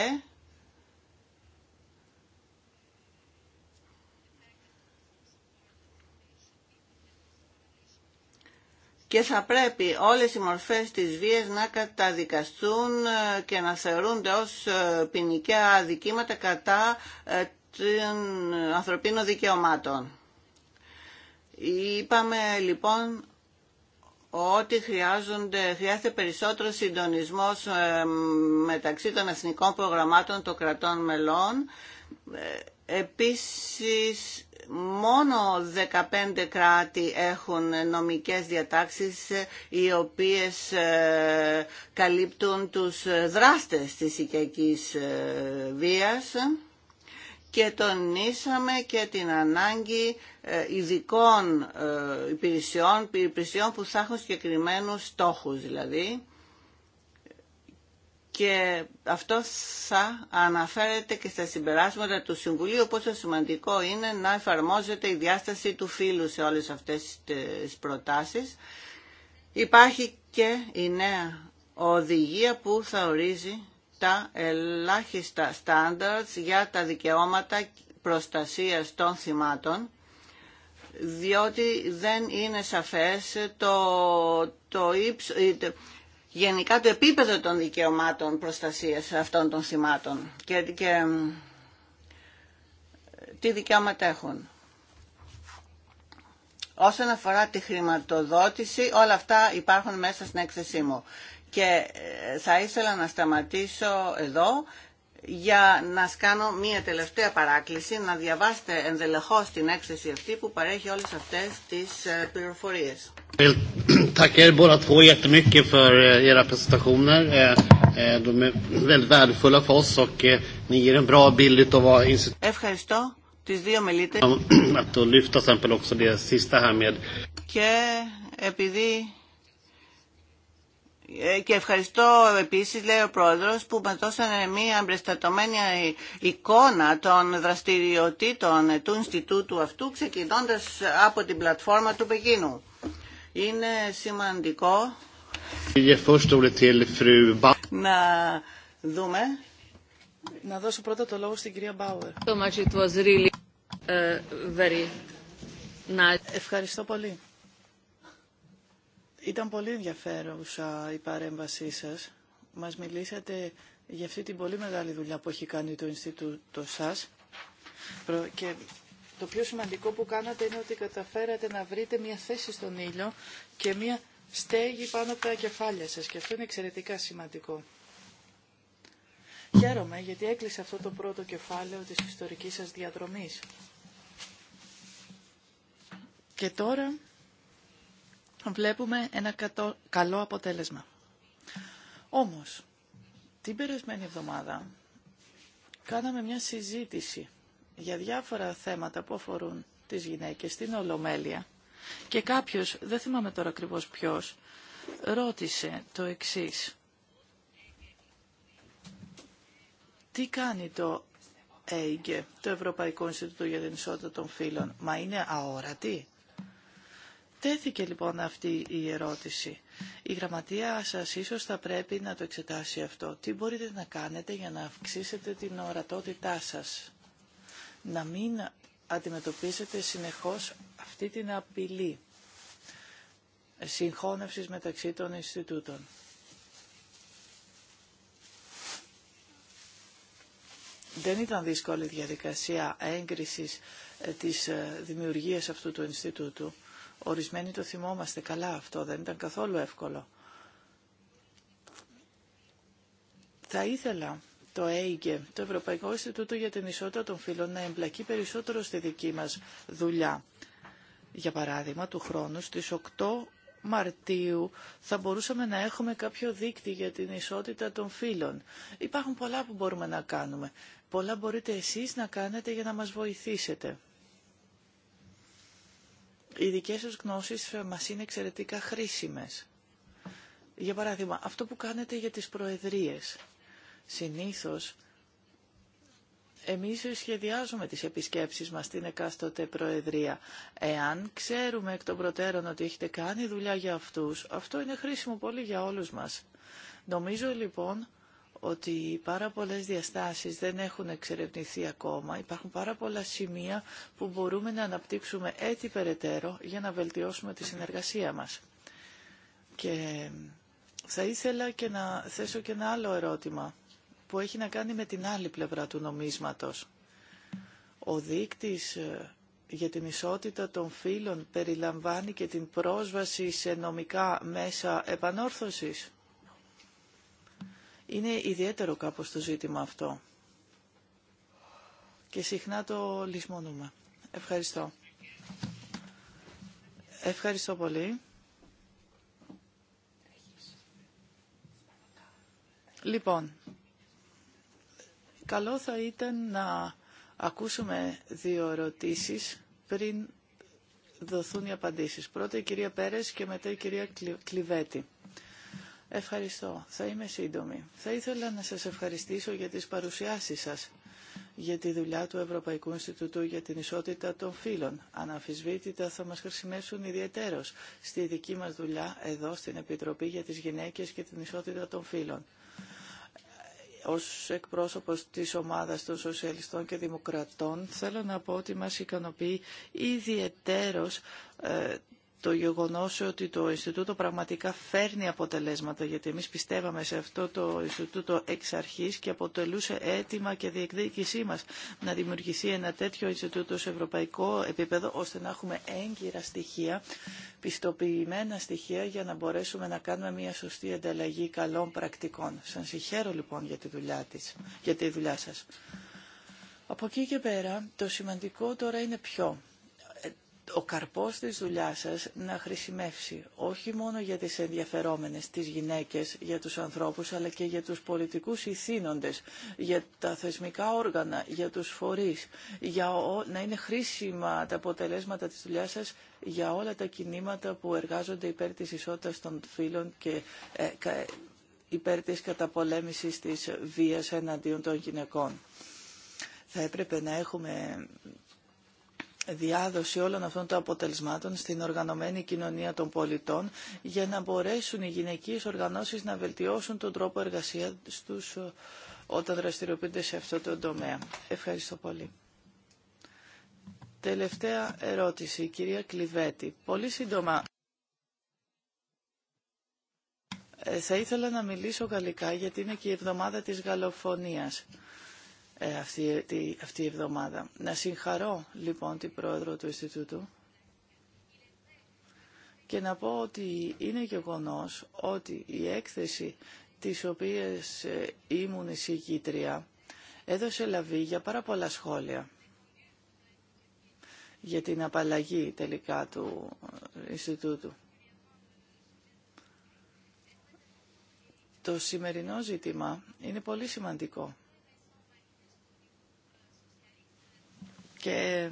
και θα πρέπει όλες οι μορφές της βίας να καταδικαστούν ε, και να θεωρούνται ως ποινικά αδικήματα κατά των ανθρωπίνων δικαιωμάτων. Είπαμε λοιπόν ότι χρειάζονται, χρειάζεται περισσότερο συντονισμός ε, μεταξύ των εθνικών προγραμμάτων των κρατών μελών. Ε, επίσης, μόνο 15 κράτη έχουν νομικές διατάξεις ε, οι οποίες καλύπτουν τους δράστες της οικιακής βίας και τονίσαμε και την ανάγκη ε, ειδικών ε, υπηρεσιών, υπηρεσιών που θα έχουν συγκεκριμένου στόχους δηλαδή. Και αυτό θα αναφέρεται και στα συμπεράσματα του Συμβουλίου πόσο σημαντικό είναι να εφαρμόζεται η διάσταση του φύλου σε όλες αυτές τις προτάσεις. Υπάρχει και η νέα οδηγία που θα ορίζει τα ελάχιστα standards για τα δικαιώματα προστασίας των θυμάτων διότι δεν είναι σαφές το, το ε, γενικά το επίπεδο των δικαιωμάτων προστασίας αυτών των θυμάτων και, και ε, τι δικαιώματα έχουν. Όσον αφορά τη χρηματοδότηση, όλα αυτά υπάρχουν μέσα στην έκθεσή μου. Και ε, θα ήθελα να σταματήσω εδώ για να κάνω μία τελευταία παράκληση, να διαβάσετε ενδελεχώς την έκθεση αυτή που παρέχει όλες αυτές τις πληροφορίες. Ευχαριστώ τις δύο μελίτες. Και επειδή και ευχαριστώ επίσης, λέει ο Πρόεδρος, που μας δώσανε μια εμπρεστατωμένη εικόνα των δραστηριοτήτων του Ινστιτούτου αυτού, ξεκινώντας από την πλατφόρμα του Πεκίνου. Είναι σημαντικό να δούμε. Να δώσω πρώτα το λόγο στην κυρία Μπάουερ. Uh, ευχαριστώ πολύ. Ήταν πολύ ενδιαφέρουσα η παρέμβασή σας. Μας μιλήσατε για αυτή την πολύ μεγάλη δουλειά που έχει κάνει το Ινστιτούτο σας. Και το πιο σημαντικό που κάνατε είναι ότι καταφέρατε να βρείτε μια θέση στον ήλιο και μια στέγη πάνω από τα κεφάλια σας. Και αυτό είναι εξαιρετικά σημαντικό. Χαίρομαι γιατί έκλεισε αυτό το πρώτο κεφάλαιο της ιστορικής σας διαδρομής. Και τώρα βλέπουμε ένα καλό αποτέλεσμα. Όμως, την περασμένη εβδομάδα κάναμε μια συζήτηση για διάφορα θέματα που αφορούν τις γυναίκες στην Ολομέλεια και κάποιος, δεν θυμάμαι τώρα ακριβώς ποιος, ρώτησε το εξής. Τι κάνει το ΕΙΚΕ, το Ευρωπαϊκό Ινστιτούτο για την Ισότητα των Φύλων, μα είναι αόρατη. Τέθηκε λοιπόν αυτή η ερώτηση. Η γραμματεία σας ίσως θα πρέπει να το εξετάσει αυτό. Τι μπορείτε να κάνετε για να αυξήσετε την ορατότητά σας. Να μην αντιμετωπίσετε συνεχώς αυτή την απειλή συγχώνευσης μεταξύ των Ινστιτούτων. Δεν ήταν δύσκολη διαδικασία έγκρισης ε, της ε, δημιουργίας αυτού του Ινστιτούτου. Ορισμένοι το θυμόμαστε καλά αυτό, δεν ήταν καθόλου εύκολο. Θα ήθελα το ΕΙΚΕ, το Ευρωπαϊκό Ινστιτούτο για την Ισότητα των Φύλων, να εμπλακεί περισσότερο στη δική μας δουλειά. Για παράδειγμα, του χρόνου στις 8 Μαρτίου θα μπορούσαμε να έχουμε κάποιο δίκτυ για την ισότητα των φύλων. Υπάρχουν πολλά που μπορούμε να κάνουμε. Πολλά μπορείτε εσείς να κάνετε για να μας βοηθήσετε οι δικές σας γνώσεις μας είναι εξαιρετικά χρήσιμες. Για παράδειγμα, αυτό που κάνετε για τις προεδρίες. Συνήθως, εμείς σχεδιάζουμε τις επισκέψεις μας στην εκάστοτε Προεδρία. Εάν ξέρουμε εκ των προτέρων ότι έχετε κάνει δουλειά για αυτούς, αυτό είναι χρήσιμο πολύ για όλους μας. Νομίζω λοιπόν ότι πάρα πολλές διαστάσεις δεν έχουν εξερευνηθεί ακόμα. Υπάρχουν πάρα πολλά σημεία που μπορούμε να αναπτύξουμε έτσι περαιτέρω για να βελτιώσουμε τη συνεργασία μας. Και θα ήθελα και να θέσω και ένα άλλο ερώτημα που έχει να κάνει με την άλλη πλευρά του νομίσματος. Ο δείκτης ε, για την ισότητα των φύλων περιλαμβάνει και την πρόσβαση σε νομικά μέσα επανόρθωσης. Είναι ιδιαίτερο κάπως το ζήτημα αυτό και συχνά το λησμονούμε. Ευχαριστώ. Ευχαριστώ πολύ. Λοιπόν, καλό θα ήταν να ακούσουμε δύο ερωτήσεις πριν δοθούν οι απαντήσεις. Πρώτα η κυρία Πέρες και μετά η κυρία Κλιβέτη. Ευχαριστώ. Θα είμαι σύντομη. Θα ήθελα να σας ευχαριστήσω για τις παρουσιάσεις σας για τη δουλειά του Ευρωπαϊκού Ινστιτούτου για την Ισότητα των Φύλων. Αναμφισβήτητα θα μας χρησιμεύσουν ιδιαίτερως στη δική μας δουλειά εδώ στην Επιτροπή για τις Γυναίκες και την Ισότητα των Φύλων. Ως εκπρόσωπος της ομάδας των Σοσιαλιστών και Δημοκρατών θέλω να πω ότι μας ικανοποιεί ε, το γεγονός ότι το Ινστιτούτο πραγματικά φέρνει αποτελέσματα, γιατί εμείς πιστεύαμε σε αυτό το Ινστιτούτο εξ αρχής και αποτελούσε αίτημα και διεκδίκησή μας να δημιουργηθεί ένα τέτοιο Ινστιτούτο σε ευρωπαϊκό επίπεδο, ώστε να έχουμε έγκυρα στοιχεία, πιστοποιημένα στοιχεία, για να μπορέσουμε να κάνουμε μια σωστή ανταλλαγή καλών πρακτικών. Σα συγχαίρω λοιπόν για τη δουλειά, της, για τη σας. Από εκεί και πέρα, το σημαντικό τώρα είναι ποιο ο καρπός της δουλειάς σας να χρησιμεύσει όχι μόνο για τις ενδιαφερόμενες, τις γυναίκες, για τους ανθρώπους, αλλά και για τους πολιτικούς ηθήνοντες, για τα θεσμικά όργανα, για τους φορείς, για να είναι χρήσιμα τα αποτελέσματα της δουλειάς σας για όλα τα κινήματα που εργάζονται υπέρ της ισότητας των φύλων και ε, υπέρ της καταπολέμησης της βίας εναντίον των γυναικών. Θα έπρεπε να έχουμε διάδοση όλων αυτών των αποτελεσμάτων στην οργανωμένη κοινωνία των πολιτών για να μπορέσουν οι γυναικείες οργανώσεις να βελτιώσουν τον τρόπο εργασίας τους ε, όταν δραστηριοποιούνται σε αυτό το τομέα. Ευχαριστώ πολύ. Τελευταία ερώτηση, κυρία Κλιβέτη. Πολύ σύντομα. Ε, θα ήθελα να μιλήσω γαλλικά γιατί είναι και η εβδομάδα της γαλοφωνίας. Ε, αυτή, αυτή η εβδομάδα. Να συγχαρώ λοιπόν την πρόεδρο του Ινστιτούτου και να πω ότι είναι γεγονός ότι η έκθεση της οποίας ε, ήμουν εισηγήτρια έδωσε λαβή για πάρα πολλά σχόλια για την απαλλαγή τελικά του ε, Ινστιτούτου. Το σημερινό ζήτημα είναι πολύ σημαντικό και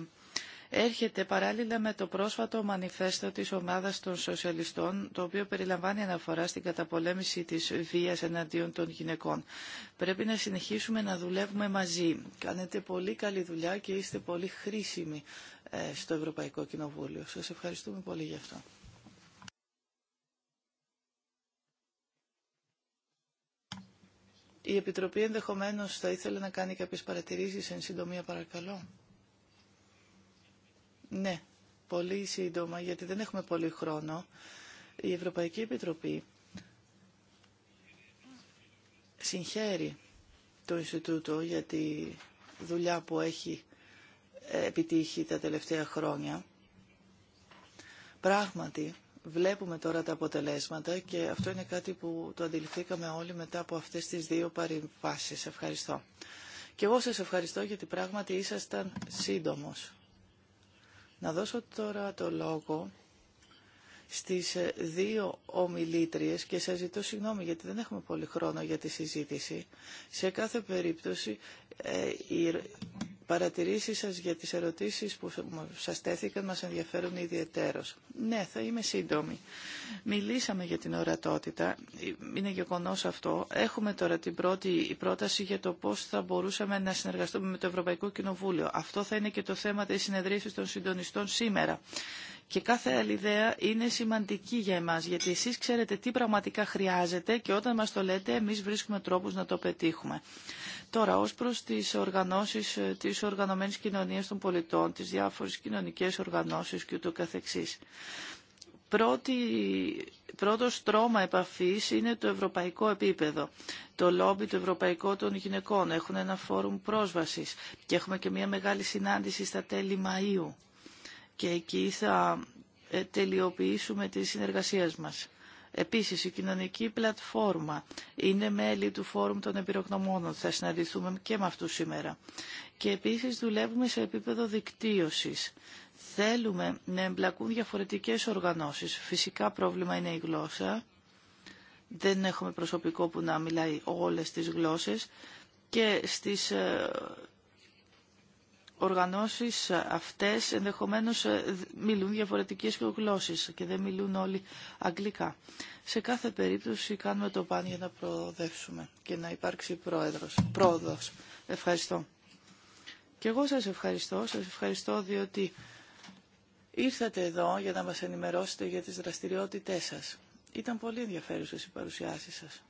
έρχεται παράλληλα με το πρόσφατο μανιφέστο της ομάδας των σοσιαλιστών, το οποίο περιλαμβάνει αναφορά στην καταπολέμηση της βίας εναντίον των γυναικών. Πρέπει να συνεχίσουμε να δουλεύουμε μαζί. Κάνετε πολύ καλή δουλειά και είστε πολύ χρήσιμοι ε, στο Ευρωπαϊκό Κοινοβούλιο. Σας ευχαριστούμε πολύ γι' αυτό. Η Επιτροπή ενδεχομένως θα ήθελε να κάνει κάποιες παρατηρήσεις εν συντομία παρακαλώ. Ναι, πολύ σύντομα, γιατί δεν έχουμε πολύ χρόνο. Η Ευρωπαϊκή Επιτροπή συγχαίρει το Ινστιτούτο για τη δουλειά που έχει ε, επιτύχει τα τελευταία χρόνια. Πράγματι, βλέπουμε τώρα τα αποτελέσματα και αυτό είναι κάτι που το αντιληφθήκαμε όλοι μετά από αυτές τις δύο παρεμβάσεις. Ευχαριστώ. Και εγώ σας ευχαριστώ γιατί πράγματι ήσασταν σύντομος. Να δώσω τώρα το λόγο στις ε, δύο ομιλήτριες και σας ζητώ συγγνώμη γιατί δεν έχουμε πολύ χρόνο για τη συζήτηση. Σε κάθε περίπτωση ε, η παρατηρήσεις σας για τις ερωτήσεις που σας τέθηκαν μας ενδιαφέρουν ιδιαιτέρως. Ναι, θα είμαι σύντομη. Μιλήσαμε για την ορατότητα, είναι γεγονό αυτό. Έχουμε τώρα την πρώτη πρόταση για το πώς θα μπορούσαμε να συνεργαστούμε με το Ευρωπαϊκό Κοινοβούλιο. Αυτό θα είναι και το θέμα της συνεδρίασης των συντονιστών σήμερα. Και κάθε άλλη ιδέα είναι σημαντική για εμάς, γιατί εσείς ξέρετε τι πραγματικά χρειάζεται και όταν μας το λέτε εμείς βρίσκουμε τρόπους να το πετύχουμε. Τώρα, ως προς τις οργανώσεις ε, της οργανωμένης κοινωνίας των πολιτών, τις διάφορες κοινωνικές οργανώσεις και ούτω καθεξής. Πρώτη, πρώτο στρώμα επαφής είναι το ευρωπαϊκό επίπεδο. Το λόμπι του Ευρωπαϊκού των Γυναικών έχουν ένα φόρουμ πρόσβασης και έχουμε και μια μεγάλη συνάντηση στα τέλη Μαΐου και εκεί θα ε, τελειοποιήσουμε τη συνεργασία μας. Επίσης, η κοινωνική πλατφόρμα είναι μέλη του Φόρουμ των Εμπειρογνωμόνων. Θα συναντηθούμε και με αυτούς σήμερα. Και επίσης δουλεύουμε σε επίπεδο δικτύωσης. Θέλουμε να εμπλακούν διαφορετικές οργανώσεις. Φυσικά πρόβλημα είναι η γλώσσα. Δεν έχουμε προσωπικό που να μιλάει όλες τις γλώσσες. Και στις ε, οργανώσεις αυτές ενδεχομένως ε, μιλούν διαφορετικές γλώσσες και δεν μιλούν όλοι αγγλικά. Σε κάθε περίπτωση κάνουμε το πάνω για να προοδεύσουμε και να υπάρξει πρόεδρος, πρόοδος. Ευχαριστώ. Και εγώ σας ευχαριστώ. Σας ευχαριστώ διότι ήρθατε εδώ για να μας ενημερώσετε για τις δραστηριότητές σας. Ήταν πολύ ενδιαφέρουσες οι παρουσιάσεις σας.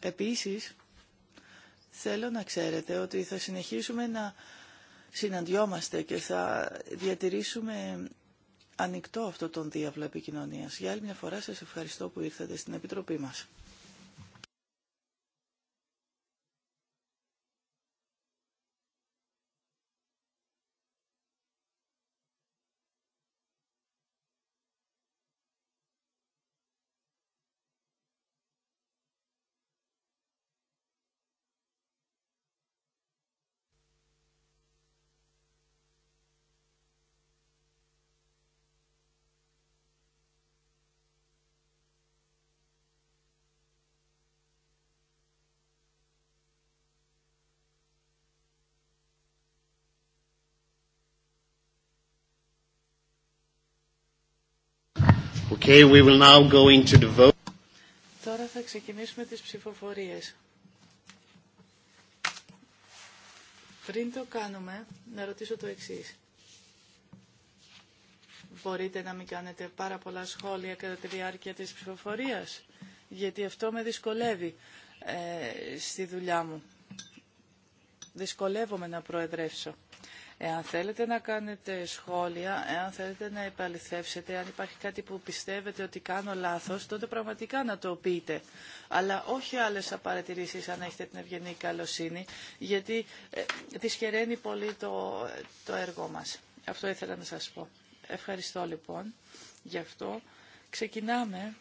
Επίσης, θέλω να ξέρετε ότι θα συνεχίσουμε να συναντιόμαστε και θα διατηρήσουμε ανοιχτό αυτό τον διάβλο επικοινωνίας. Για άλλη μια φορά σας ευχαριστώ που ήρθατε στην Επιτροπή μας. Τώρα θα ξεκινήσουμε τις ψηφοφορίες. Πριν το κάνουμε, να ρωτήσω το εξής. Μπορείτε να μην κάνετε πάρα πολλά σχόλια κατά τη διάρκεια της ψηφοφορίας, γιατί αυτό με δυσκολεύει ε, στη δουλειά μου. Δυσκολεύομαι να προεδρεύσω. Εάν θέλετε να κάνετε σχόλια, εάν θέλετε να επαληθεύσετε, αν υπάρχει κάτι που πιστεύετε ότι κάνω λάθος, τότε πραγματικά να το πείτε. Αλλά όχι άλλες απαρατηρήσεις αν έχετε την ευγενή καλοσύνη, γιατί ε, δυσχεραίνει πολύ το, το έργο μας. Αυτό ήθελα να σας πω. Ευχαριστώ λοιπόν γι' αυτό. Ξεκινάμε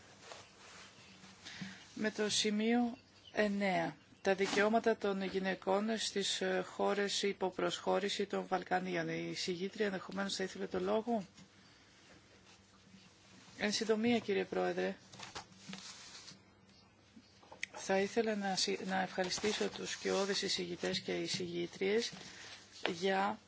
με το σημείο 9 τα δικαιώματα των γυναικών στις ε, χώρες υποπροσχώρηση των Βαλκανίων. Η συγγήτρια ενδεχομένω θα ήθελε το λόγο. Εν συντομία κύριε Πρόεδρε, θα ήθελα να ευχαριστήσω τους και συγγητέ και και συγγήτριες για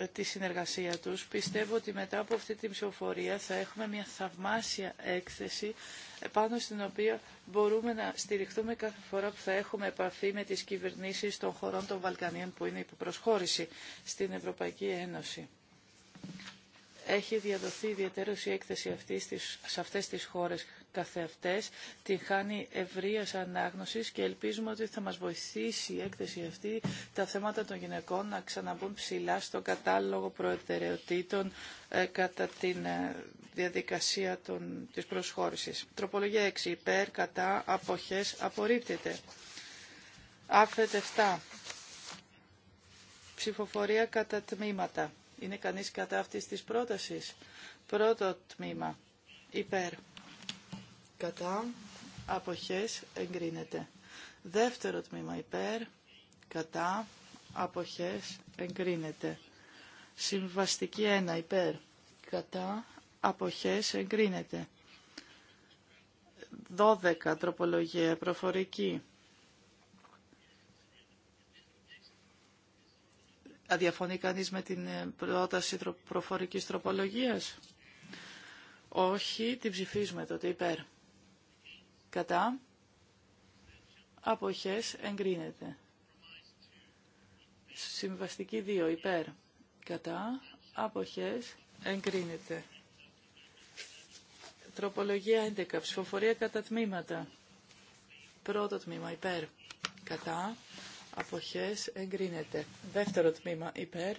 ε, τη συνεργασία τους. Πιστεύω ότι μετά από αυτή την ψηφοφορία θα έχουμε μια θαυμάσια έκθεση ε, πάνω στην οποία μπορούμε να στηριχθούμε κάθε φορά που θα έχουμε επαφή με τις κυβερνήσεις των χωρών των Βαλκανίων που είναι υποπροσχώρηση στην Ευρωπαϊκή Ένωση έχει διαδοθεί ιδιαίτερως η έκθεση αυτή στις, σε αυτές τις χώρες καθεαυτές, την χάνει ευρεία ανάγνωση και ελπίζουμε ότι θα μας βοηθήσει η έκθεση αυτή τα θέματα των γυναικών να ξαναμπούν ψηλά στο κατάλογο προτεραιοτήτων ε, κατά τη ε, διαδικασία των, της προσχώρησης. Τροπολογία 6. Υπέρ, κατά, αποχές, απορρίπτεται. Άφετε 7. Ψηφοφορία κατά τμήματα. Είναι κανείς κατά αυτής της πρότασης. Πρώτο τμήμα. Υπέρ. Κατά. Αποχές. Εγκρίνεται. Δεύτερο τμήμα. Υπέρ. Κατά. Αποχές. Εγκρίνεται. Συμβαστική ένα Υπέρ. Κατά. Αποχές. Εγκρίνεται. Δώδεκα Τροπολογία. Προφορική. αδιαφωνεί κανείς με την ε, πρόταση προφορικής τροπολογίας. Όχι, την ψηφίζουμε τότε υπέρ. Κατά. Αποχές εγκρίνεται. Συμβαστική 2 υπέρ. Κατά. Αποχές εγκρίνεται. Τροπολογία 11. Ψηφοφορία κατά τμήματα. Πρώτο τμήμα υπέρ. Κατά αποχές εγκρίνεται. Δεύτερο τμήμα υπέρ,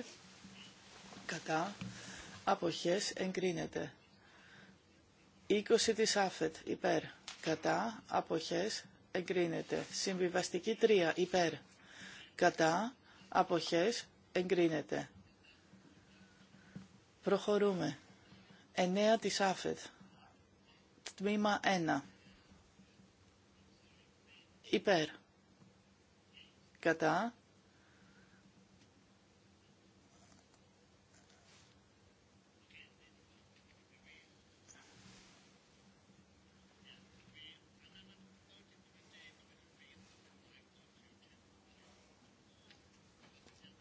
κατά, αποχές εγκρίνεται. 20 της άφετ υπέρ, κατά, αποχές εγκρίνεται. Συμβιβαστική 3 υπέρ, κατά, αποχές εγκρίνεται. Προχωρούμε. 9 της άφετ. Τμήμα 1. Υπέρ κατά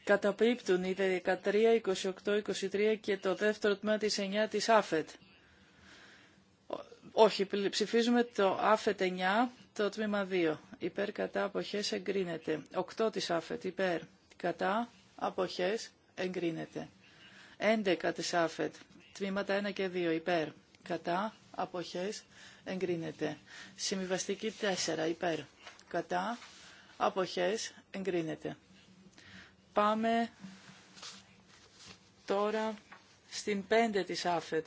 Καταπίπτουν οι 13, 28, 23 και το δεύτερο τμήμα της 9 της ΑΦΕΤ. Όχι, ψηφίζουμε το ΑΦΕΤ 9, το τμήμα 2 υπέρ κατά αποχές εγκρίνεται. Οκτώ της ΑΦΕΤ υπέρ κατά αποχές εγκρίνεται. Έντεκα της ΑΦΕΤ τμήματα ένα και δύο, υπέρ κατά αποχές εγκρίνεται. Συμβιβαστική τέσσερα, υπέρ κατά αποχές εγκρίνεται. Πάμε τώρα στην 5 της ΑΦΕΤ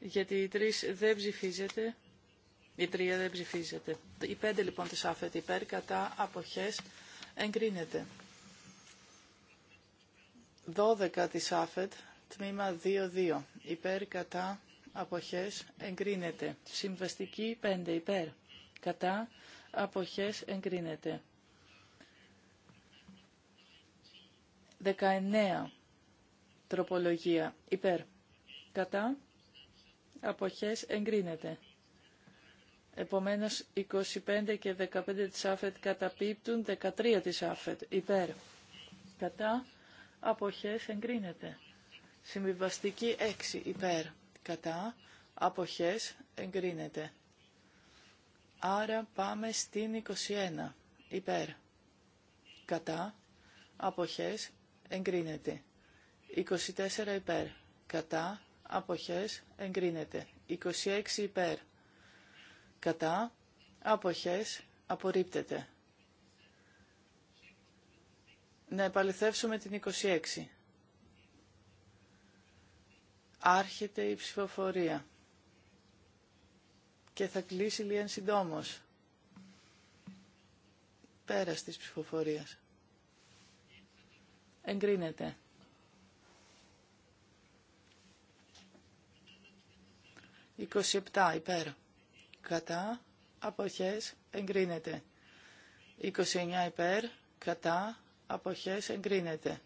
γιατί οι τρεις δεν ψηφίζεται η τρία δεν ψηφίζεται. Η πέντε λοιπόν της άφετη υπέρ κατά αποχές εγκρίνεται. Δώδεκα της άφετ τμήμα 2-2 υπέρ κατά αποχές εγκρίνεται. Συμβαστική πέντε υπέρ κατά αποχές εγκρίνεται. 19 τροπολογία υπέρ κατά αποχές εγκρίνεται. Επομένως 25 και 15 της ΑΦΕΤ καταπίπτουν, 13 της ΑΦΕΤ υπέρ. Κατά αποχές εγκρίνεται. Συμβιβαστική 6 υπέρ. Κατά αποχές εγκρίνεται. Άρα πάμε στην 21 υπέρ. Κατά αποχές εγκρίνεται. 24 υπέρ. Κατά αποχές εγκρίνεται. 26 υπέρ κατά, αποχές, απορρίπτεται. Να επαληθεύσουμε την 26. Άρχεται η ψηφοφορία και θα κλείσει λίγαν συντόμως. Πέρας της ψηφοφορίας. Εγκρίνεται. «27 υπέρ» κατά, αποχές, εγκρίνεται. 29 υπέρ, κατά, αποχές, εγκρίνεται.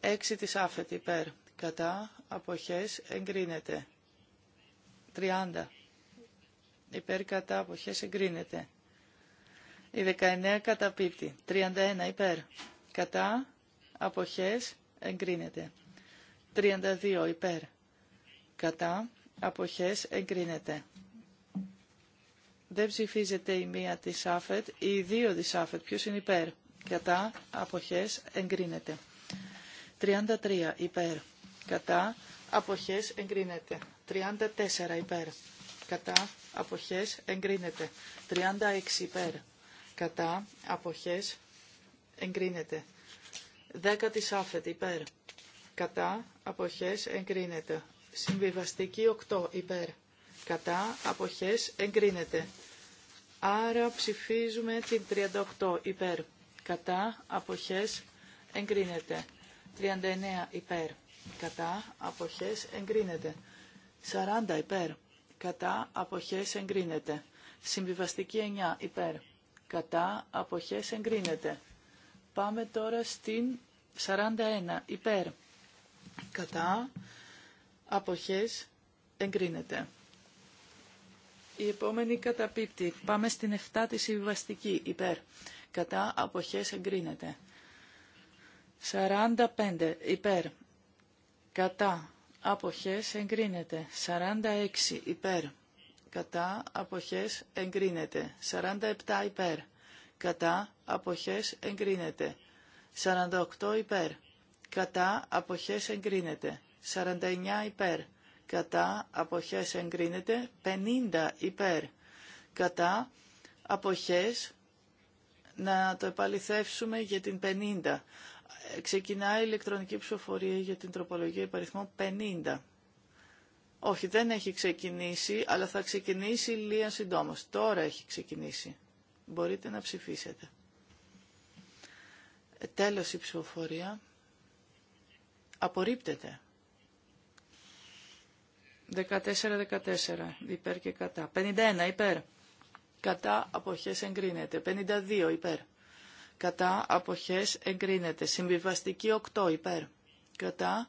6 της άφετη υπέρ, κατά, αποχές, εγκρίνεται. 30 υπέρ, κατά, αποχές, εγκρίνεται. Η 19 καταπίπτει. 31 υπέρ, κατά, αποχές, εγκρίνεται. 32 υπέρ, κατά, αποχές, εγκρίνεται. Δεν ψηφίζεται η μία τη ΑΦΕΤ, οι δύο τη ΑΦΕΤ. Ποιο είναι υπέρ. Κατά Αποχέ. εγκρίνεται. 33 υπέρ. Κατά αποχέ εγκρίνεται. 34 υπέρ. Κατά αποχέ εγκρίνεται. 36 υπέρ. Κατά απόχέ εγκρίνεται. 10 τη άφετ υπέρ. Κατά απόχέ εγκρίνεται. Συμβιβαστική 8 υπέρ. Κατά απόχέ, εγκρίνεται. Άρα ψηφίζουμε την 38 υπέρ. Κατά αποχές εγκρίνεται. 39 υπέρ. Κατά αποχές εγκρίνεται. 40 υπέρ. Κατά αποχές εγκρίνεται. Συμβιβαστική 9 υπέρ. Κατά αποχές εγκρίνεται. Πάμε τώρα στην 41 υπέρ. Κατά αποχές εγκρίνεται. Η επόμενη καταπίπτει. Πάμε στην 7 η συμβιβαστική. Υπέρ. Κατά αποχές εγκρίνεται. 45. Υπέρ. Κατά αποχές εγκρίνεται. 46. Υπέρ. Κατά αποχές εγκρίνεται. 47. Υπέρ. Κατά αποχές εγκρίνεται. 48. Υπέρ. Κατά αποχές εγκρίνεται. 49. Υπέρ κατά αποχές εγκρίνεται 50 υπέρ κατά αποχές να το επαληθεύσουμε για την 50 ξεκινάει η ηλεκτρονική ψηφοφορία για την τροπολογία υπαριθμών 50 όχι δεν έχει ξεκινήσει αλλά θα ξεκινήσει λίγα συντόμως τώρα έχει ξεκινήσει μπορείτε να ψηφίσετε ε, τέλος η ψηφοφορία απορρίπτεται 14-14 υπέρ και κατά. 51 υπέρ. Κατά αποχές εγκρίνεται. 52 υπέρ. Κατά αποχές εγκρίνεται. Συμβιβαστική 8 υπέρ. Κατά.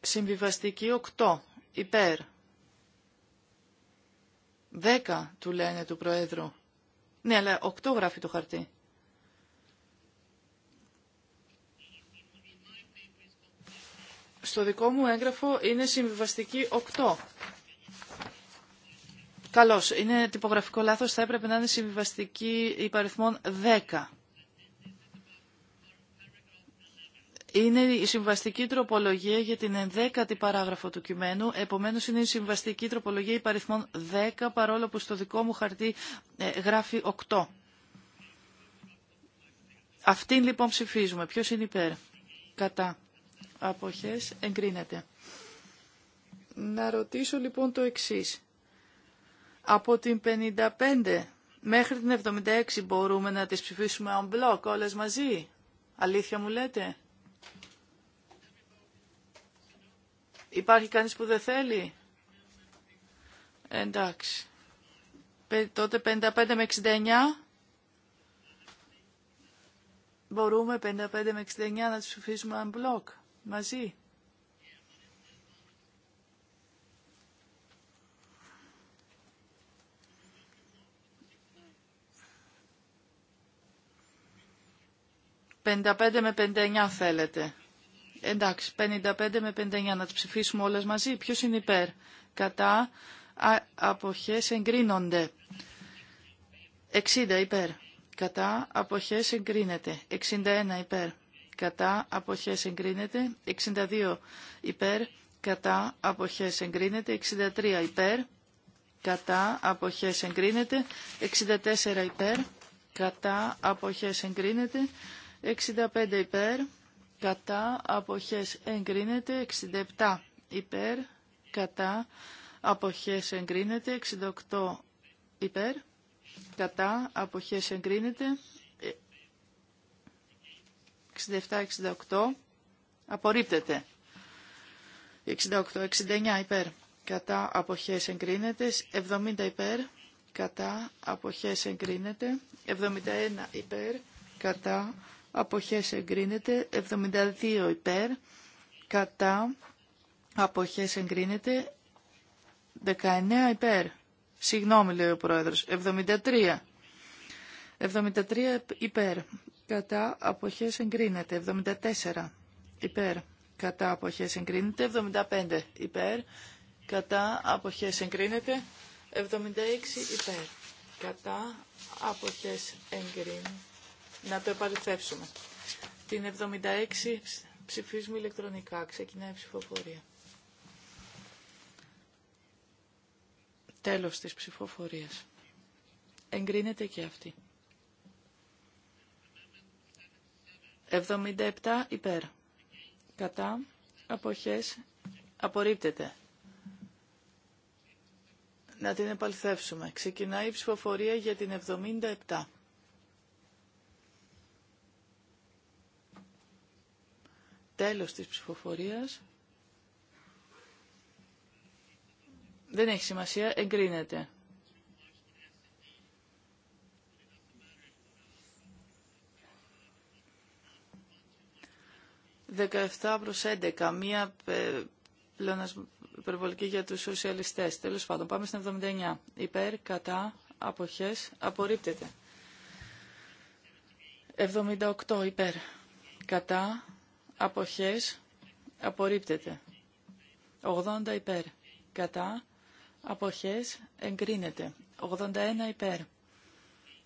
Συμβιβαστική 8 υπέρ. 10 του λένε του Προέδρου. Ναι, αλλά 8 γράφει το χαρτί. στο δικό μου έγγραφο είναι συμβιβαστική 8. Καλώς, είναι τυπογραφικό λάθος, θα έπρεπε να είναι συμβιβαστική υπαριθμών 10. Είναι η συμβαστική τροπολογία για την ενδέκατη παράγραφο του κειμένου, επομένως είναι η συμβαστική τροπολογία υπαριθμών 10, παρόλο που στο δικό μου χαρτί ε, γράφει 8. Αυτήν λοιπόν ψηφίζουμε. Ποιος είναι υπέρ. Κατά αποχές εγκρίνεται. Να ρωτήσω λοιπόν το εξής. Από την 55 μέχρι την 76 μπορούμε να τις ψηφίσουμε on block όλες μαζί. Αλήθεια μου λέτε. Υπάρχει κανείς που δεν θέλει. Εντάξει. Τότε 55 με 69. Μπορούμε 55 με 69 να τις ψηφίσουμε αν block μαζί. «55 με 59 θέλετε». Εντάξει, 55 με 59, να τις ψηφίσουμε όλες μαζί. Ποιος είναι υπέρ. Κατά αποχές εγκρίνονται. 60 υπέρ. Κατά αποχές εγκρίνεται. 61 υπέρ κατά αποχές εγκρίνεται, 62 υπέρ, κατά αποχές εγκρίνεται, 63 υπέρ, κατά αποχές εγκρίνεται, 64 υπέρ, κατά αποχές εγκρίνεται, 65 υπέρ, κατά αποχές εγκρίνεται, 67 υπέρ, κατά αποχές εγκρίνεται, 68 υπέρ, κατά αποχές εγκρίνεται, 67-68 απορρίπτεται. 68-69 υπέρ κατά αποχές εγκρίνεται. 70 υπέρ κατά αποχές εγκρίνεται. 71 υπέρ κατά αποχές εγκρίνεται. 72 υπέρ κατά αποχές εγκρίνεται. 19 υπέρ. Συγγνώμη λέει ο πρόεδρος. 73. 73 υπέρ κατά αποχές εγκρίνεται 74 υπέρ κατά αποχές εγκρίνεται 75 υπέρ κατά αποχές εγκρίνεται 76 υπέρ κατά αποχές εγκρίνεται να το επαληθεύσουμε την 76 ψηφίζουμε ηλεκτρονικά ξεκινάει η ψηφοφορία τέλος της ψηφοφορίας εγκρίνεται και αυτή 77 υπέρ. Κατά αποχές απορρίπτεται. Να την επαληθεύσουμε. Ξεκινάει η ψηφοφορία για την 77. Τέλος της ψηφοφορίας. Δεν έχει σημασία, εγκρίνεται. 17 προς 11, μία ε, υπερβολική για τους σοσιαλιστές. Τέλος πάντων, πάμε στην 79. Υπέρ, κατά, αποχές, απορρίπτεται. 78 υπέρ, κατά, αποχές, απορρίπτεται. 80 υπέρ, κατά, αποχές, εγκρίνεται. 81 υπέρ,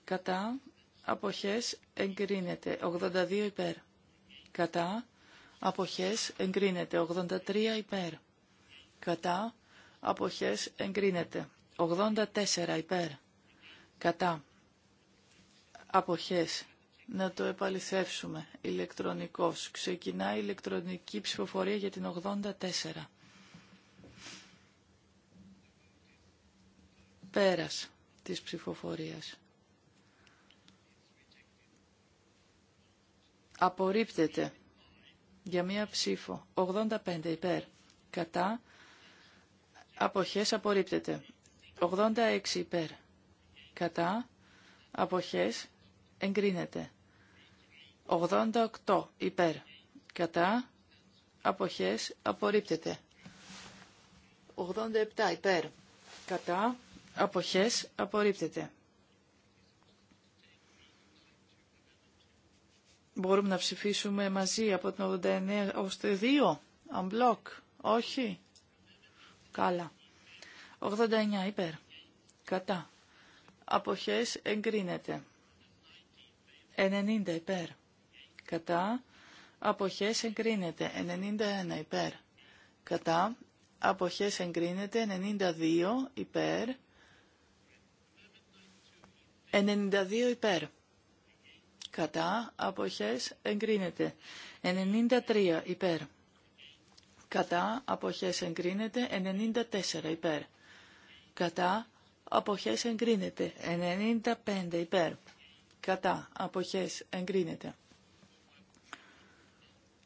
κατά, αποχές, εγκρίνεται. 82 υπέρ, κατά, αποχές εγκρίνεται. 83 υπέρ. Κατά αποχές εγκρίνεται. 84 υπέρ. Κατά αποχές να το επαληθεύσουμε ηλεκτρονικός. Ξεκινά η ηλεκτρονική ψηφοφορία για την 84. Πέρας της ψηφοφορίας. Απορρίπτεται για μία ψήφο. 85 υπέρ. Κατά. Αποχές απορρίπτεται. 86 υπέρ. Κατά. Αποχές εγκρίνεται. 88 υπέρ. Κατά. Αποχές απορρίπτεται. 87 υπέρ. Κατά. Αποχές απορρίπτεται. Μπορούμε να ψηφίσουμε μαζί από το 89 ως 2, unblock, όχι. Καλά. 89 υπέρ. Κατά. Αποχές εγκρίνεται. 90 υπέρ. Κατά. Αποχές εγκρίνεται. 91 υπέρ. Κατά. Αποχές εγκρίνεται. 92 υπέρ. 92 υπέρ κατά, αποχές, εγκρίνεται. 93 υπέρ, κατά, αποχές, εγκρίνεται. 94 υπέρ, κατά, αποχές, εγκρίνεται. 95 υπέρ, κατά, αποχές, εγκρίνεται.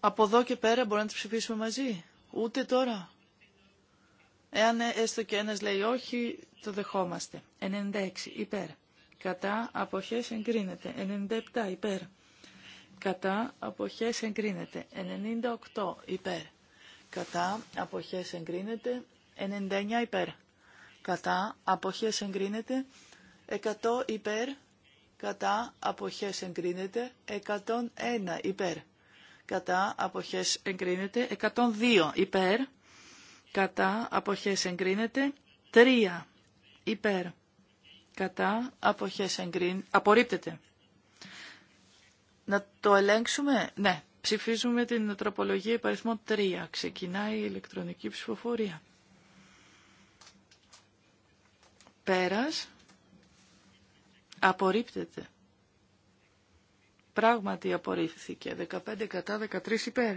Από εδώ και πέρα μπορούμε να τις ψηφίσουμε μαζί. Ούτε τώρα. Εάν έστω και ένας λέει όχι, το δεχόμαστε. 96 υπέρ κατά αποχές εγκρίνεται 97 υπέρ κατά αποχές εγκρίνεται 98 υπέρ κατά αποχές εγκρίνεται 99 υπέρ κατά αποχές εγκρίνεται 100 υπέρ κατά αποχές εγκρίνεται 101 υπέρ κατά αποχές εγκρίνεται 102 υπέρ κατά αποχές εγκρίνεται 3 υπέρ κατά από εγκρίν, απορρίπτεται. Να το ελέγξουμε, ναι, ψηφίζουμε την τροπολογία υπαριθμό 3, ξεκινάει η ηλεκτρονική ψηφοφορία. Πέρας, απορρίπτεται. Πράγματι απορρίφθηκε, 15 κατά 13 υπέρ.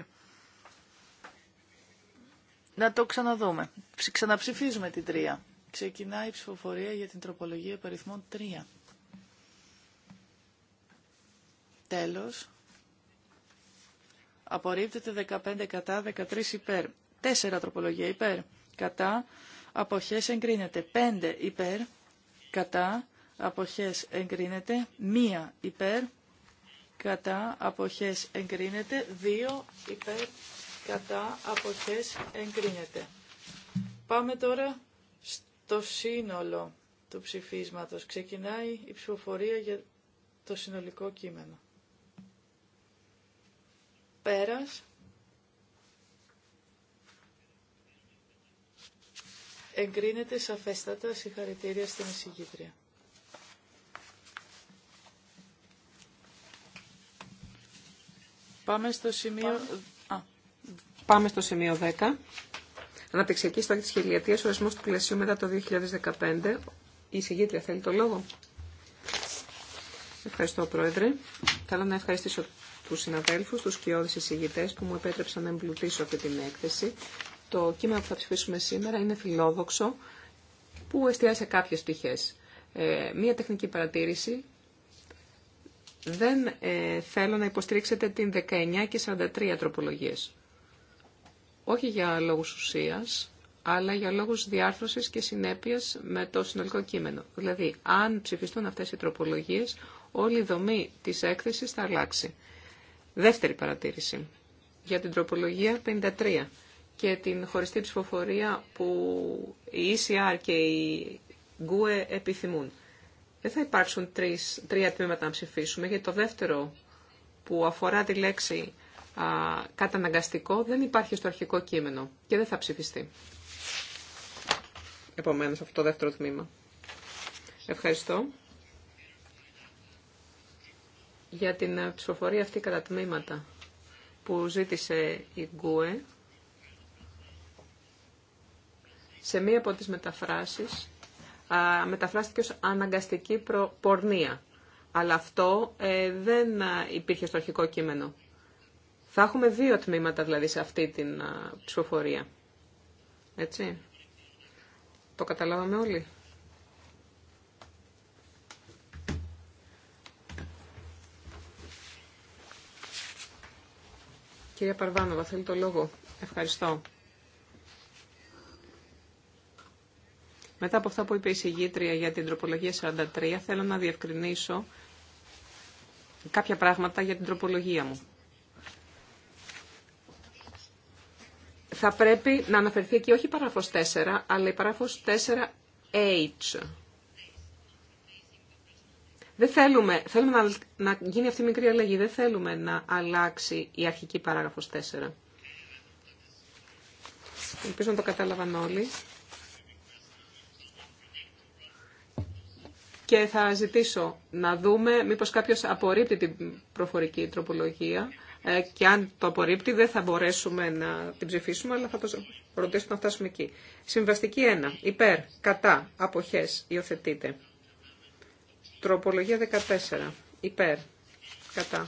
Να το ξαναδούμε. Ξαναψηφίζουμε την 3. Ξεκινάει η ψηφοφορία για την τροπολογία περιθμών 3. Τέλος. Απορρίπτεται 15 κατά, 13 υπέρ. 4 τροπολογία υπέρ. Κατά. Αποχές εγκρίνεται. 5 υπέρ. Κατά. Αποχές εγκρίνεται. 1 υπέρ. Κατά. Αποχές εγκρίνεται. 2 υπέρ. Κατά. Αποχές εγκρίνεται. Πάμε τώρα το σύνολο του ψηφίσματος. Ξεκινάει η ψηφοφορία για το συνολικό κείμενο. Πέρας. Εγκρίνεται σαφέστατα συγχαρητήρια στην εισηγήτρια. Πάμε στο σημείο... Α. Πάμε στο σημείο 10. Αναπτυξιακή στόχη τη χιλιετία, ορισμό του πλαισίου μετά το 2015. Η συγγήτρια θέλει το λόγο. Ευχαριστώ, Πρόεδρε. Θέλω να ευχαριστήσω του συναδέλφου, του κοιόδη εισηγητέ που μου επέτρεψαν να εμπλουτίσω αυτή την έκθεση. Το κείμενο που θα ψηφίσουμε σήμερα είναι φιλόδοξο, που εστιάζει σε κάποιε πτυχέ. Ε, μία τεχνική παρατήρηση. Δεν ε, θέλω να υποστηρίξετε την 19 και 43 τροπολογίες όχι για λόγους ουσίας, αλλά για λόγους διάρθρωσης και συνέπειας με το συνολικό κείμενο. Δηλαδή, αν ψηφιστούν αυτές οι τροπολογίες, όλη η δομή της έκθεσης θα αλλάξει. Δεύτερη παρατήρηση για την τροπολογία 53 και την χωριστή ψηφοφορία που η ECR και η GUE επιθυμούν. Δεν θα υπάρξουν τρεις, τρία τμήματα να ψηφίσουμε, γιατί το δεύτερο που αφορά τη λέξη καταναγκαστικό δεν υπάρχει στο αρχικό κείμενο και δεν θα ψηφιστεί. Επομένως, αυτό το δεύτερο τμήμα. Ευχαριστώ για την ε, ψηφοφορία αυτή κατά τμήματα που ζήτησε η Γκουε σε μία από τις μεταφράσεις α, μεταφράστηκε ως αναγκαστική πορνεία. Αλλά αυτό ε, δεν ε, υπήρχε στο αρχικό κείμενο. Θα έχουμε δύο τμήματα δηλαδή σε αυτή την ψηφοφορία. Έτσι. Το καταλάβαμε όλοι. Κυρία Παρβάνοβα, θέλει το λόγο. Ευχαριστώ. Μετά από αυτά που είπε η συγγήτρια για την τροπολογία 43, θέλω να διευκρινίσω κάποια πράγματα για την τροπολογία μου. θα πρέπει να αναφερθεί εκεί όχι η παράγραφος 4, αλλά η παράγραφος 4H. Δεν θέλουμε, θέλουμε να, να γίνει αυτή η μικρή αλλαγή, δεν θέλουμε να αλλάξει η αρχική παράγραφος 4. Ελπίζω να το κατάλαβαν όλοι. Και θα ζητήσω να δούμε μήπως κάποιος απορρίπτει την προφορική τροπολογία ε, και αν το απορρίπτει δεν θα μπορέσουμε να την ψηφίσουμε, αλλά θα το ρωτήσουμε να φτάσουμε εκεί. Συμβαστική 1. Υπέρ, κατά, αποχές, υιοθετείτε. Τροπολογία 14. Υπέρ, κατά,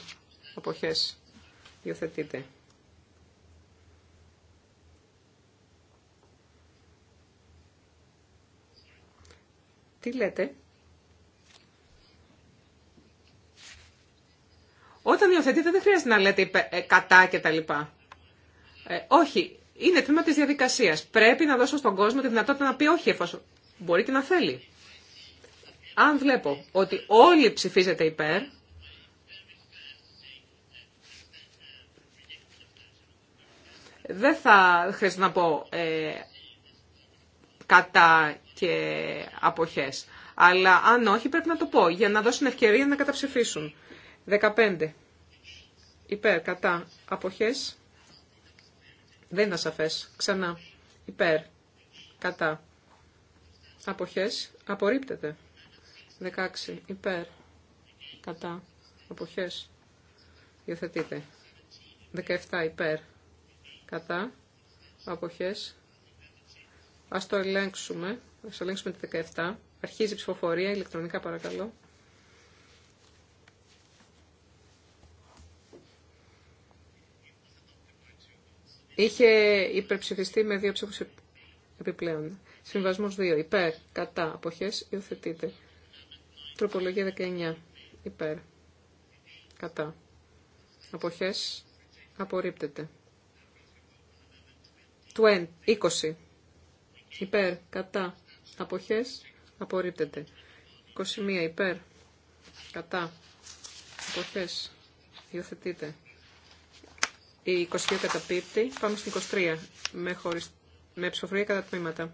αποχές, υιοθετείτε. Τι λέτε. νομοθετείτε δεν χρειάζεται να λέτε ε, κατά και τα λοιπά. Ε, όχι, είναι τμήμα της διαδικασίας. Πρέπει να δώσω στον κόσμο τη δυνατότητα να πει όχι εφόσον μπορεί και να θέλει. Αν βλέπω ότι όλοι ψηφίζετε υπέρ, δεν θα χρειάζεται να πω ε, κατά και αποχές. Αλλά αν όχι πρέπει να το πω για να δώσουν ευκαιρία να καταψηφίσουν. 15. Υπέρ, κατά, αποχές. Δεν είναι ασαφές. Ξανά. Υπέρ, κατά, αποχές. Απορρίπτεται. 16. Υπέρ, κατά, αποχές. Υιοθετείται. 17. Υπέρ, κατά, αποχές. Ας το ελέγξουμε. Ας ελέγξουμε τη 17. Αρχίζει η ψηφοφορία ηλεκτρονικά παρακαλώ. Είχε υπερψηφιστεί με δύο ψήφου επιπλέον. Συμβασμό 2. Υπέρ. Κατά. Αποχές. Υιοθετείται. Τροπολογία 19. Υπέρ. Κατά. Αποχές. Απορρίπτεται. 20. Υπέρ. Κατά. Αποχές. Απορρίπτεται. 21. Υπέρ. Κατά. Αποχές. Υιοθετείται. Η 22 καταπίπτει. Πάμε στην 23 με, με ψηφοφορία κατά τμήματα.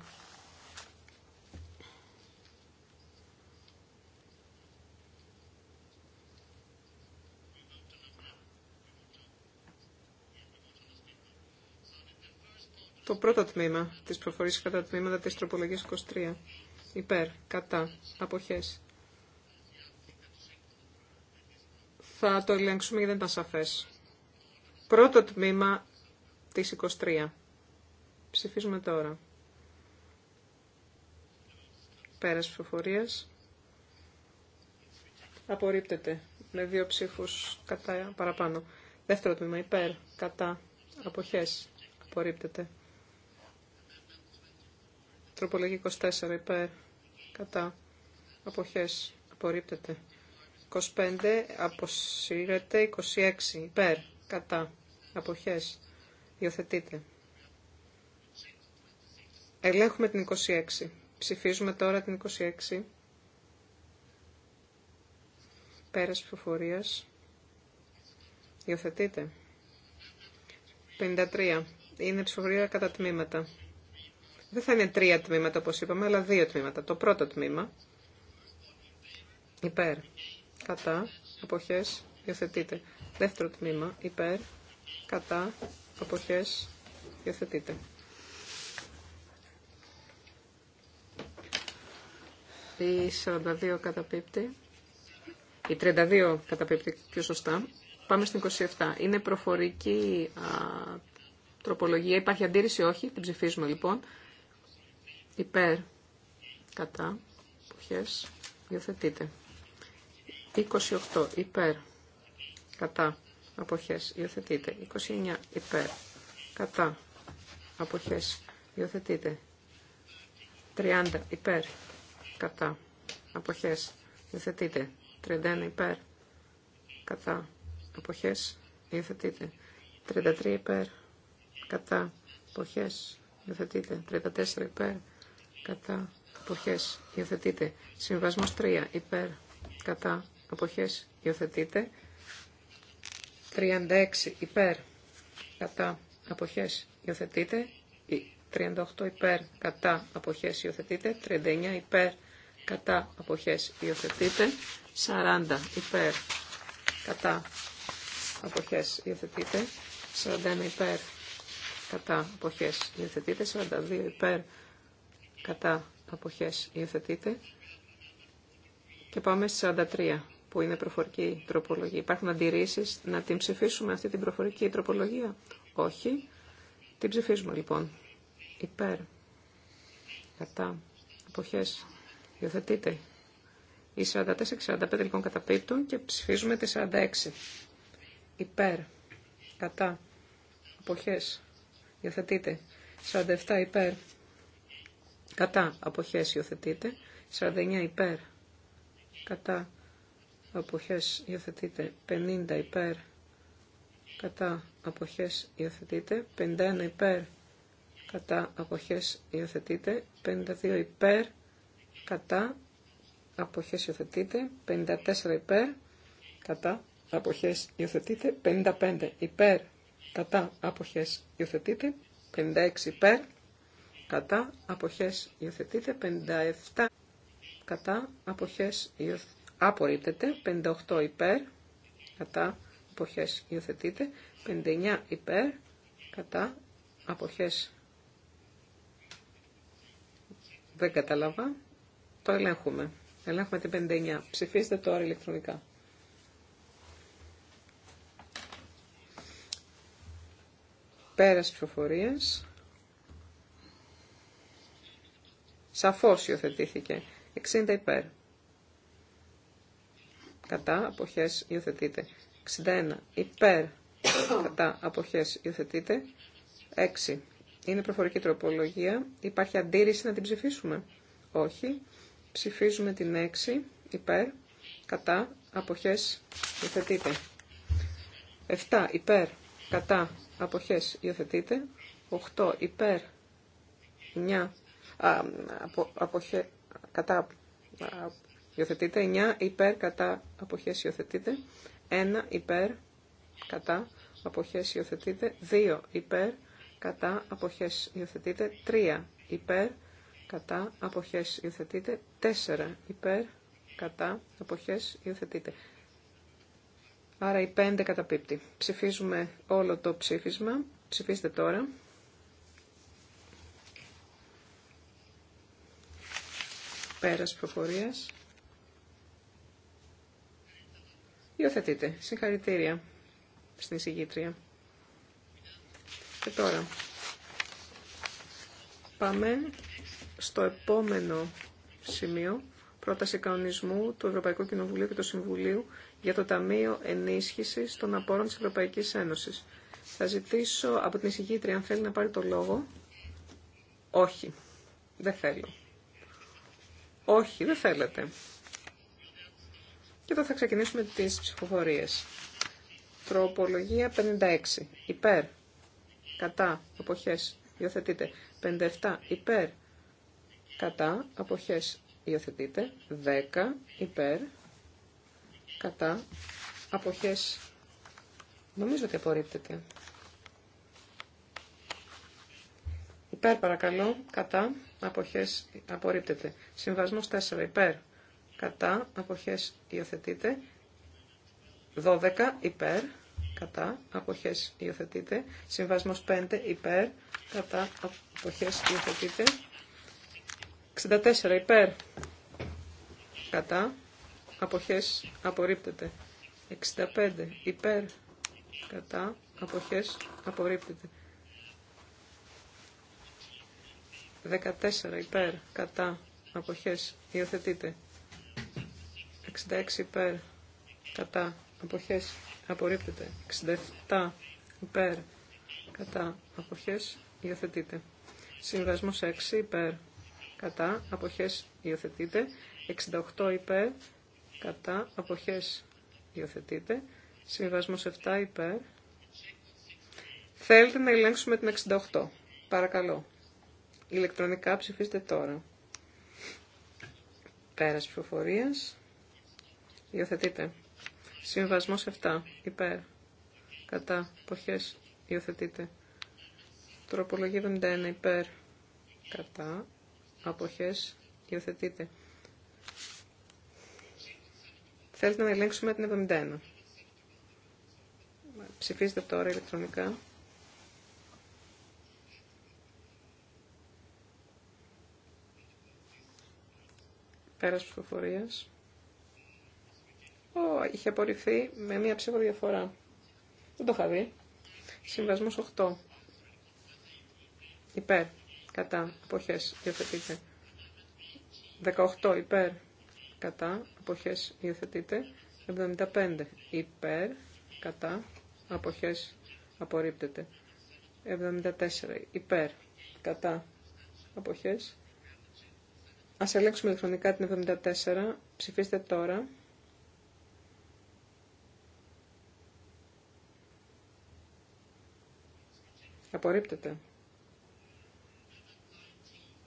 Το πρώτο τμήμα της προφορής κατά τμήματα της τροπολογίας 23. Υπέρ, κατά, αποχές. Θα το ελέγξουμε γιατί δεν ήταν σαφές. Πρώτο τμήμα της 23. Ψηφίζουμε τώρα. Πέρας ψηφοφορίας. Απορρίπτεται με δύο ψήφους κατά, παραπάνω. Δεύτερο τμήμα υπέρ, κατά, αποχές. Απορρίπτεται. Τροπολογή 24 υπέρ, κατά, αποχές. Απορρίπτεται. 25 αποσύρεται, 26 υπέρ, κατά αποχές, υιοθετείται. Ελέγχουμε την 26. Ψηφίζουμε τώρα την 26. Πέρας ψηφοφορίας. Υιοθετείται. 53. Είναι ψηφοφορία κατά τμήματα. Δεν θα είναι τρία τμήματα όπως είπαμε, αλλά δύο τμήματα. Το πρώτο τμήμα, υπέρ, κατά, αποχές, υιοθετείται. Δεύτερο τμήμα, υπέρ, κατά, αποχές, υιοθετείτε. Η 42 καταπίπτει. Η 32 καταπίπτει πιο σωστά. Πάμε στην 27. Είναι προφορική α, τροπολογία. Υπάρχει αντίρρηση, όχι. Την ψηφίζουμε λοιπόν. Υπέρ, κατά, αποχές, υιοθετείτε. 28. Υπέρ, κατά, αποχές Υιοθετείτε. 29 υπέρ κατά αποχές Υιοθετείτε. 30 υπέρ κατά αποχές Υιοθετείτε. 31 υπέρ κατά αποχές Υιοθετείτε. 33 υπέρ κατά αποχές Υιοθετείτε. 34 υπέρ κατά αποχές Υιοθετείτε. Συμβασμός 3 υπέρ κατά αποχές 36 υπέρ κατά αποχές υιοθετείτε, 38 υπέρ κατά αποχές υιοθετείτε, 39 υπέρ κατά αποχές υιοθετείται, 40 υπέρ κατά αποχές υιοθετείτε, 41 υπέρ κατά αποχές υιοθετείτε, 42 υπέρ κατά αποχές υιοθετείτε και πάμε στις 43 που είναι προφορική τροπολογία. Υπάρχουν αντιρρήσεις να την ψηφίσουμε αυτή την προφορική τροπολογία. Όχι. Την ψηφίζουμε λοιπόν. Υπέρ. Κατά. αποχές Υιοθετείτε. Οι 44-45 λοιπόν καταπίπτουν και ψηφίζουμε τη 46. Υπέρ. Κατά. Αποχές. Υιοθετείτε. 47 υπέρ. Κατά. Αποχές. Υιοθετείτε. 49 υπέρ. Κατά αποχές υιοθετείται 50 υπέρ κατά αποχές υιοθετείται 51 υπέρ κατά αποχές υιοθετείται 52 υπέρ κατά αποχές υιοθετείται 54 υπέρ κατά αποχές υιοθετείται 55 υπέρ κατά αποχές υιοθετείται 56 υπέρ κατά αποχές υιοθετείται 57 κατά αποχές υιοθετείται απορρίπτεται, 58 υπέρ, κατά αποχές υιοθετείται, 59 υπέρ, κατά αποχές δεν κατάλαβα, το ελέγχουμε. Ελέγχουμε την 59. Ψηφίστε τώρα ηλεκτρονικά. Πέρας ψηφοφορίας. Σαφώς υιοθετήθηκε. 60 υπέρ κατά αποχές υιοθετείτε. 61 υπέρ κατά αποχές υιοθετείτε. 6 είναι προφορική τροπολογία. Υπάρχει αντίρρηση να την ψηφίσουμε. Όχι. Ψηφίζουμε την 6 υπέρ κατά αποχές υιοθετείτε. 7 υπέρ κατά αποχές υιοθετείτε. 8 υπέρ 9 α, απο, αποχε, κατά Υιοθετείτε 9 υπέρ κατά αποχές υιοθετείτε. 1 υπέρ κατά αποχές υιοθετείτε. 2 υπέρ κατά αποχές υιοθετείτε. 3 υπέρ κατά αποχές υιοθετείτε. 4 υπέρ κατά αποχές υιοθετείτε. Άρα η 5 καταπίπτει. Ψηφίζουμε όλο το ψήφισμα. Ψηφίστε τώρα. Πέρας προφορίας. Υιοθετείτε. Συγχαρητήρια στην εισηγήτρια. Και τώρα πάμε στο επόμενο σημείο πρόταση κανονισμού του Ευρωπαϊκού Κοινοβουλίου και του Συμβουλίου για το Ταμείο Ενίσχυσης των Απόρων της Ευρωπαϊκής Ένωσης. Θα ζητήσω από την εισηγήτρια αν θέλει να πάρει το λόγο. Όχι, δεν θέλω. Όχι, δεν θέλετε. Και τώρα θα ξεκινήσουμε τις ψηφοφορίες. Τροπολογία 56. Υπέρ. Κατά. Αποχές. Υιοθετείτε. 57. Υπέρ. Κατά. Αποχές. Υιοθετείτε. 10. Υπέρ. Κατά. Αποχές. Νομίζω ότι απορρίπτεται. Υπέρ παρακαλώ. Κατά. Αποχές. Απορρίπτεται. Συμβασμός 4. Υπέρ κατά, αποχές υιοθετείτε 12 υπέρ, κατά, αποχές υιοθετείτε. Συμβασμός 5 υπέρ, κατά, αποχές υιοθετείτε. 64 υπέρ, κατά, αποχές απορρίπτεται. 65 υπέρ, κατά, αποχές απορρίπτεται. 14 υπέρ, κατά, αποχές υιοθετείτε. 66 υπέρ κατά αποχές απορρίπτεται. 67 υπέρ κατά αποχές υιοθετείται. Συμβασμός 6 υπέρ κατά αποχές υιοθετείται. 68 υπέρ κατά αποχές υιοθετείται. Συμβασμός 7 υπέρ. Θέλετε να ελέγξουμε την 68. Παρακαλώ. Ηλεκτρονικά ψηφίστε τώρα. Πέρας ψηφοφορίας. Υιοθετείτε. Συμβασμός 7. Υπέρ. Κατά. Αποχές. Υιοθετείτε. Τροπολογία 71. Υπέρ. Κατά. Αποχές. Υιοθετείτε. Θέλετε να ελέγξουμε την 71. Ψηφίστε τώρα ηλεκτρονικά. Πέρας ψηφοφορίας είχε απορριφθεί με μία ψήφο διαφορά. Δεν το είχα δει. Συμβασμός 8. Υπέρ. Κατά. Αποχές. Υιοθετείτε. 18. Υπέρ. Κατά. Αποχές. υιοθετείτε. 75. Υπέρ. Κατά. Αποχές. Απορρίπτεται. 74. Υπέρ. Κατά. Αποχές. Ας ελέγξουμε ηλεκτρονικά την 74. Ψηφίστε τώρα. Απορρίπτεται.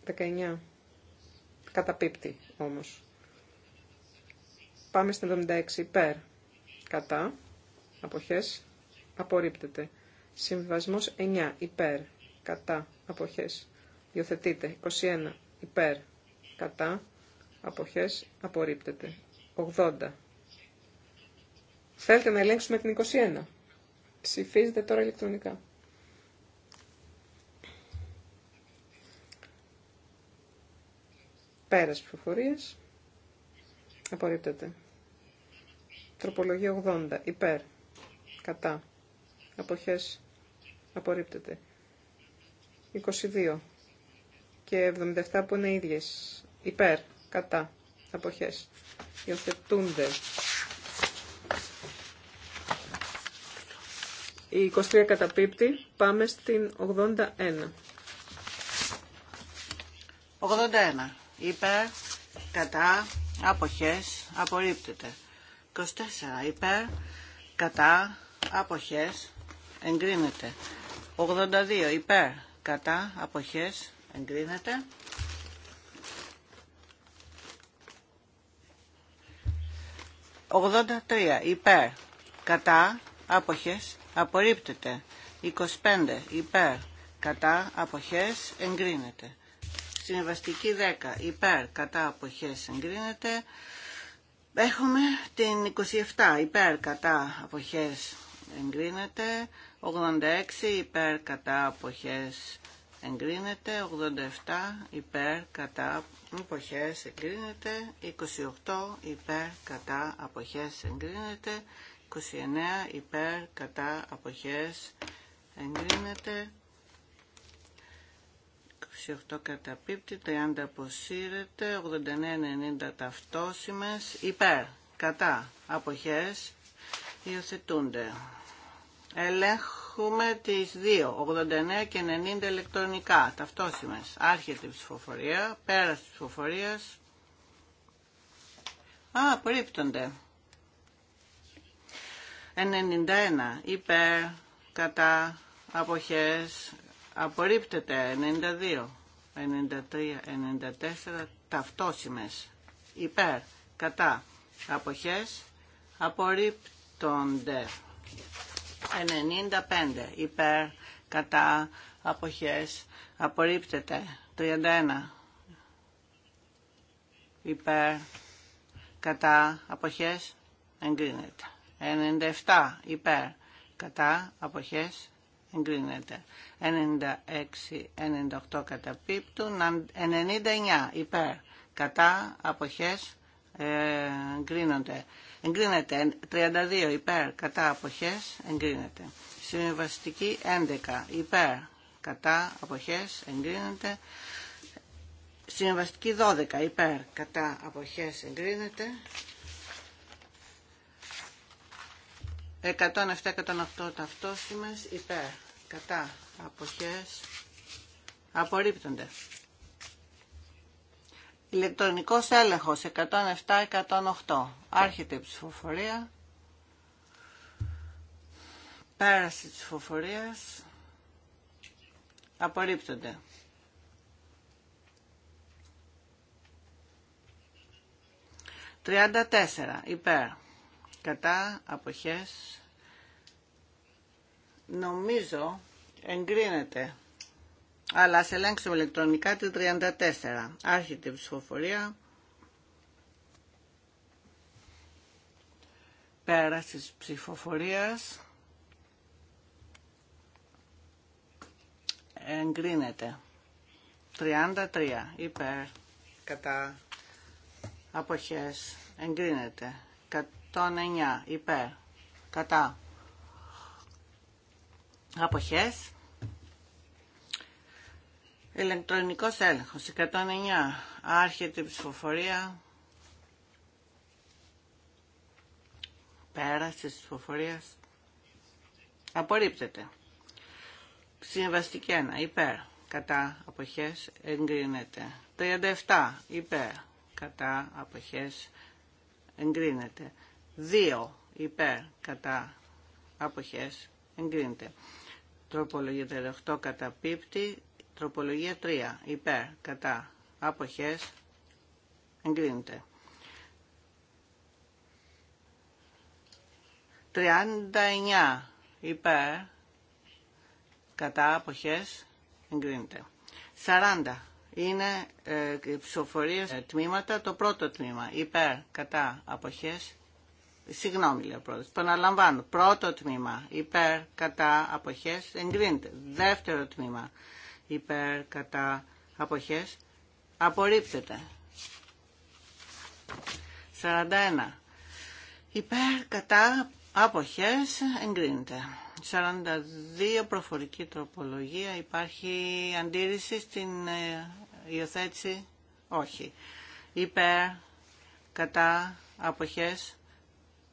19. Καταπίπτει όμως. Πάμε στην 76. Υπέρ. Κατά. Αποχές. Απορρίπτεται. Συμβασμός 9. Υπέρ. Κατά. Αποχές. Διοθετείται. 21. Υπέρ. Κατά. Αποχές. Απορρίπτεται. 80. Θέλετε να ελέγξουμε την 21. Ψηφίζετε τώρα ηλεκτρονικά. Πέρας ψηφοφορίας. Απορρίπτεται. Τροπολογία 80. Υπέρ. Κατά. Αποχές. Απορρίπτεται. 22. Και 77 που είναι ίδιες. Υπέρ. Κατά. Αποχές. Υιοθετούνται. Η 23 καταπίπτει. Πάμε στην 81. 81 υπέρ, κατά, αποχές, απορρίπτεται. 24 υπέρ, κατά, αποχές, εγκρίνεται. 82 υπέρ, κατά, αποχές, εγκρίνεται. 83 υπέρ, κατά, αποχές, απορρίπτεται. 25 υπέρ, κατά, αποχές, εγκρίνεται. Συμβαστική 10 υπέρ κατά αποχές εγκρίνεται. Έχουμε την 27 υπέρ κατά αποχές εγκρίνεται. 86 υπέρ κατά αποχές εγκρίνεται. 87 υπέρ κατά αποχές εγκρίνεται. 28 υπέρ κατά αποχές εγκρίνεται. 29 υπέρ κατά αποχές εγκρίνεται. 28 καταπίπτει, 30 αποσύρεται, 89-90 ταυτόσημες, υπέρ, κατά, αποχές, υιοθετούνται. Ελέγχουμε τις 2, 89 και 90 ηλεκτρονικά, ταυτόσημες. Άρχεται η ψηφοφορία, πέρας της ψηφοφορίας. Α, απορρίπτονται. 91, υπέρ, κατά, αποχές, Απορρίπτεται 92, 93, 94 ταυτόσιμες. Υπέρ, κατά, αποχές. Απορρίπτονται 95 υπέρ, κατά, αποχές. Απορρίπτεται 31 υπέρ, κατά, αποχές. Εγκρίνεται. 97 υπέρ, κατά, αποχές. Εγκρίνεται. 96-98 κατά πίπτου. 99 υπέρ κατά αποχές ε, εγκρίνονται. Εγκρίνεται 32 υπέρ κατά αποχές εγκρίνεται. Συμβαστική 11 υπέρ κατά αποχές εγκρίνεται. Συμβαστική 12 υπέρ κατά αποχές εγκρίνεται. 107-108 ταυτόσημες υπέρ κατά αποχές απορρίπτονται. Ηλεκτρονικός έλεγχος 107-108. Άρχεται η ψηφοφορία. Πέραση της ψηφοφορίας. Απορρίπτονται. Τριάντα τέσσερα, υπέρ, κατά, αποχές, Νομίζω εγκρίνεται. Αλλά ας ελέγξουμε ηλεκτρονικά τη 34. Άρχεται η ψηφοφορία. Πέρας της ψηφοφορίας. Εγκρίνεται. 33. Υπέρ. Κατά. Αποχές. Εγκρίνεται. 109. Υπέρ. Κατά. Αποχές. Ηλεκτρονικός έλεγχος. 109. Άρχεται η ψηφοφορία. Πέραση της ψηφοφορίας. Απορρίπτεται. Συμβαστική 1. Υπέρ. Κατά αποχές εγκρίνεται. 37. Υπέρ. Κατά αποχές εγκρίνεται. 2. Υπέρ. Κατά αποχές εγκρίνεται. Τροπολογία 38 κατά πίπτη. Τροπολογία 3 υπέρ κατά αποχές εγκρίνεται. 39 υπέρ κατά αποχές εγκρίνεται. 40 είναι ε, ψηφοφορίες ε, τμήματα. Το πρώτο τμήμα υπέρ κατά αποχές Συγγνώμη, λέει ο πρόεδρος. Παναλαμβάνω. Πρώτο τμήμα. Υπέρ, κατά, αποχές. Εγκρίνεται. Δεύτερο τμήμα. Υπέρ, κατά, αποχές. Απορρίπτεται. 41. Υπέρ, κατά, αποχές. Εγκρίνεται. 42. Προφορική τροπολογία. Υπάρχει αντίρρηση στην ε, υιοθέτηση. Όχι. Υπέρ, κατά, αποχές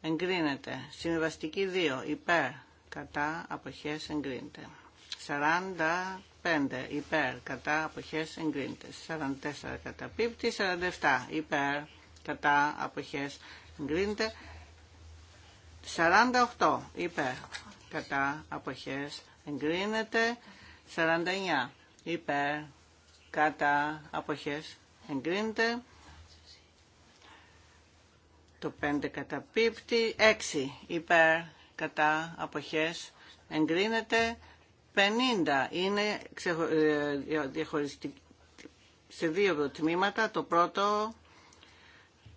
εγκρίνεται. Συμβαστική 2 υπέρ κατά αποχές εγκρίνεται. 45 υπέρ κατά αποχές εγκρίνεται. 44 κατά πίπτη, 47 υπέρ κατά αποχές εγκρίνεται. 48 υπέρ κατά αποχές εγκρίνεται. 49 υπέρ κατά αποχές εγκρίνεται. Το 5 καταπίπτει. 6 υπέρ κατά αποχές εγκρίνεται. 50 είναι ε, διαχωριστική σε δύο τμήματα. Το πρώτο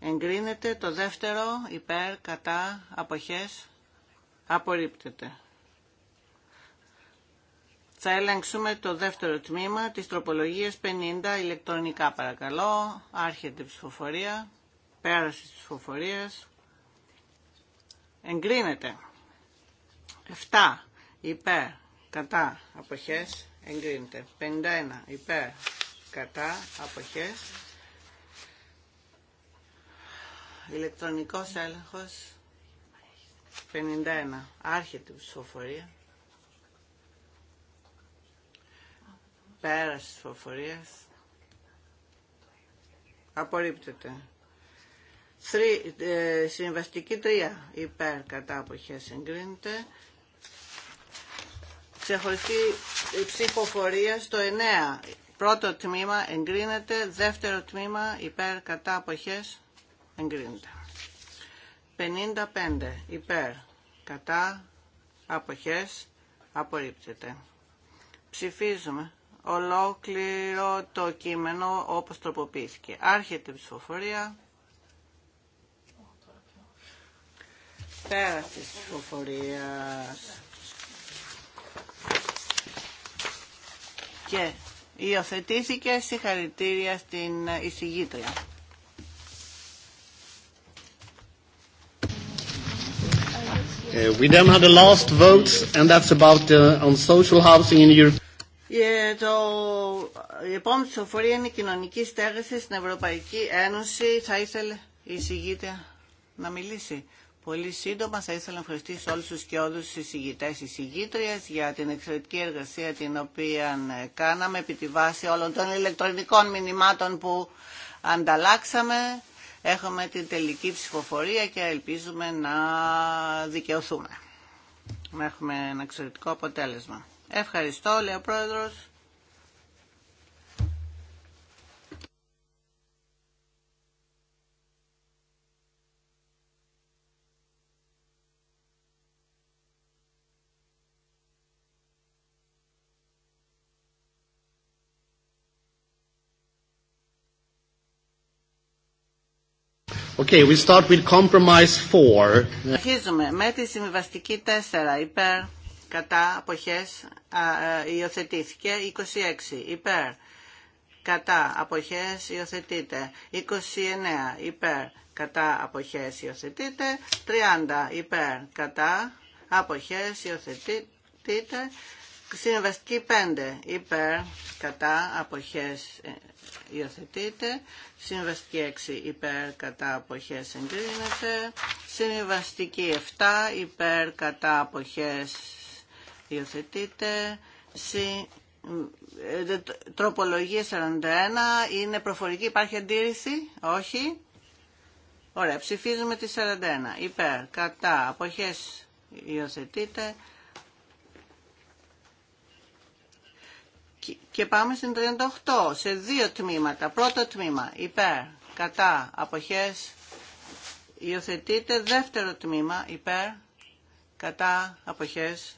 εγκρίνεται, το δεύτερο υπέρ, κατά, αποχές, απορρίπτεται. Θα ελέγξουμε το δεύτερο τμήμα της τροπολογίας 50 ηλεκτρονικά παρακαλώ. Άρχεται η ψηφοφορία. Πέραση της ψηφοφορίας. Εγκρίνεται. 7 υπέρ κατά αποχές. Εγκρίνεται. 51 υπέρ κατά αποχές. Ηλεκτρονικός έλεγχος. 51. Άρχεται η ψηφοφορία. Πέραση της ψηφοφορίας. Απορρίπτεται ε, συμβαστική τρία υπέρ κατά αποχές εγκρίνεται. Ξεχωριστή ψηφοφορία στο 9. Πρώτο τμήμα εγκρίνεται, δεύτερο τμήμα υπέρ κατά αποχές εγκρίνεται. 55 υπέρ κατά αποχές απορρίπτεται. Ψηφίζουμε ολόκληρο το κείμενο όπως τροποποιήθηκε. Άρχεται η ψηφοφορία. Πέρα τη ψηφοφορία. Και υιοθετήθηκε συγχαρητήρια στην εισηγήτρια. Ε, we then had the last vote, and that's about the, uh, on social housing in Europe. Yeah, το, η επόμενη ψηφοφορία είναι η κοινωνική στέγαση στην Ευρωπαϊκή Ένωση. Θα ήθελε η εισηγήτρια να μιλήσει. Πολύ σύντομα θα ήθελα να ευχαριστήσω όλους τους και όλους τους εισηγητές, εισηγήτριες για την εξαιρετική εργασία την οποία κάναμε επί τη βάση όλων των ηλεκτρονικών μηνυμάτων που ανταλλάξαμε. Έχουμε την τελική ψηφοφορία και ελπίζουμε να δικαιωθούμε. Έχουμε ένα εξαιρετικό αποτέλεσμα. Ευχαριστώ, λέει ο Πρόεδρος. Okay, we start with compromise 4. Αρχίζουμε με τη συμβιβαστική 4 υπέρ κατά αποχές ε, υιοθετήθηκε 26 υπέρ κατά αποχές υιοθετείται 29 υπέρ κατά αποχές υιοθετείται 30 υπέρ κατά αποχές υιοθετείται Συμβαστική 5 υπέρ, κατά, αποχές ε, υιοθετείται. Συμβαστική 6 υπέρ, κατά, αποχές εγκρίνεται. Συμβαστική 7 υπέρ, κατά, αποχές υιοθετείται. Συ... Ε, τροπολογία 41 είναι προφορική, υπάρχει αντίρρηση, όχι. Ωραία, ψηφίζουμε τη 41. Υπέρ, κατά, αποχές υιοθετείται. Και πάμε στην 38, σε δύο τμήματα. Πρώτο τμήμα, υπέρ, κατά, αποχές, υιοθετείται. Δεύτερο τμήμα, υπέρ, κατά, αποχές,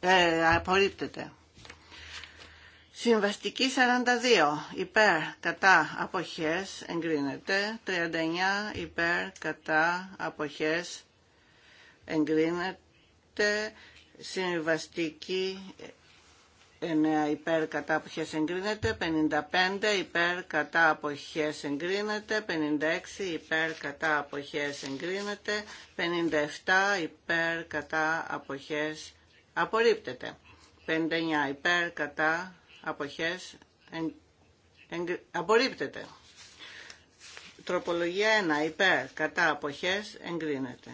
ε, απορρίπτεται. Συμβαστική 42, υπέρ, κατά, αποχές, εγκρίνεται. 39, υπέρ, κατά, αποχές, εγκρίνεται. Συμβαστική 9 υπέρ κατά αποχές εγκρίνεται, 55 υπέρ κατά αποχές εγκρίνεται, 56 υπέρ κατά αποχές εγκρίνεται, 57 υπέρ κατά αποχές απορρίπτεται, 59 υπέρ κατά αποχές απορρίπτεται. Τροπολογία 1 υπέρ κατά αποχές εγκρίνεται.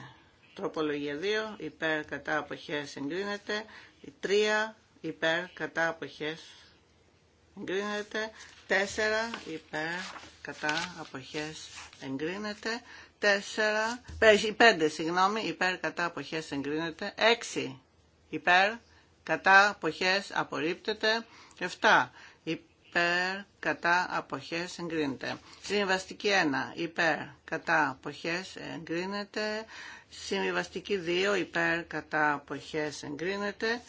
Τροπολογία 2 υπέρ κατά αποχές εγκρίνεται. 3 υπέρ κατά αποχές εγκρίνεται 4 υπέρ κατά αποχές εγκρίνεται 4 5 ε, συγγνώμη υπέρ κατά αποχές εγκρίνεται 6 υπέρ κατά αποχές απορρίπτεται 7 υπέρ κατά αποχές εγκρίνεται συμβαστική 1 υπέρ κατά αποχές εγκρίνεται συμβαστική 2 υπέρ κατά αποχές εγκρίνεται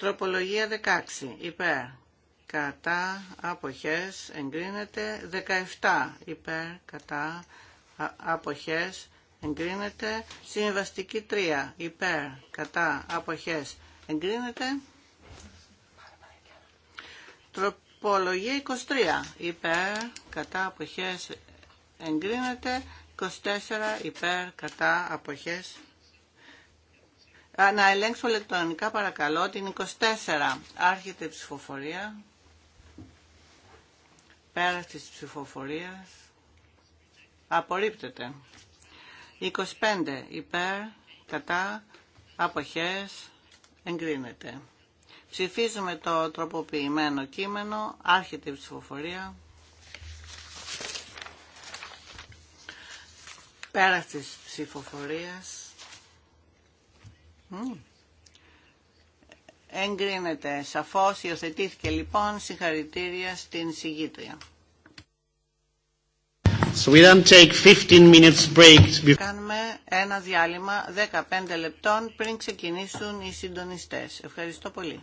Τροπολογία 16 υπέρ κατά αποχές εγκρίνεται 17 υπέρ κατά αποχές εγκρίνεται συμβαστική 3 υπέρ κατά αποχές εγκρίνεται τροπολογία 23 υπέρ κατά αποχές εγκρίνεται 24 υπέρ κατά αποχές να ελέγξουμε ηλεκτρονικά παρακαλώ την 24. Άρχεται η ψηφοφορία. Πέρας της ψηφοφορίας. Απορρίπτεται. 25 υπέρ, κατά, αποχές, εγκρίνεται. Ψηφίζουμε το τροποποιημένο κείμενο, άρχεται η ψηφοφορία. Πέρας της ψηφοφορίας Εγκρίνεται σαφώς, υιοθετήθηκε λοιπόν συγχαρητήρια στην συγγήτρια. So we don't take 15 minutes break. Κάνουμε ένα διάλειμμα 15 λεπτών πριν ξεκινήσουν οι συντονιστές. Ευχαριστώ πολύ.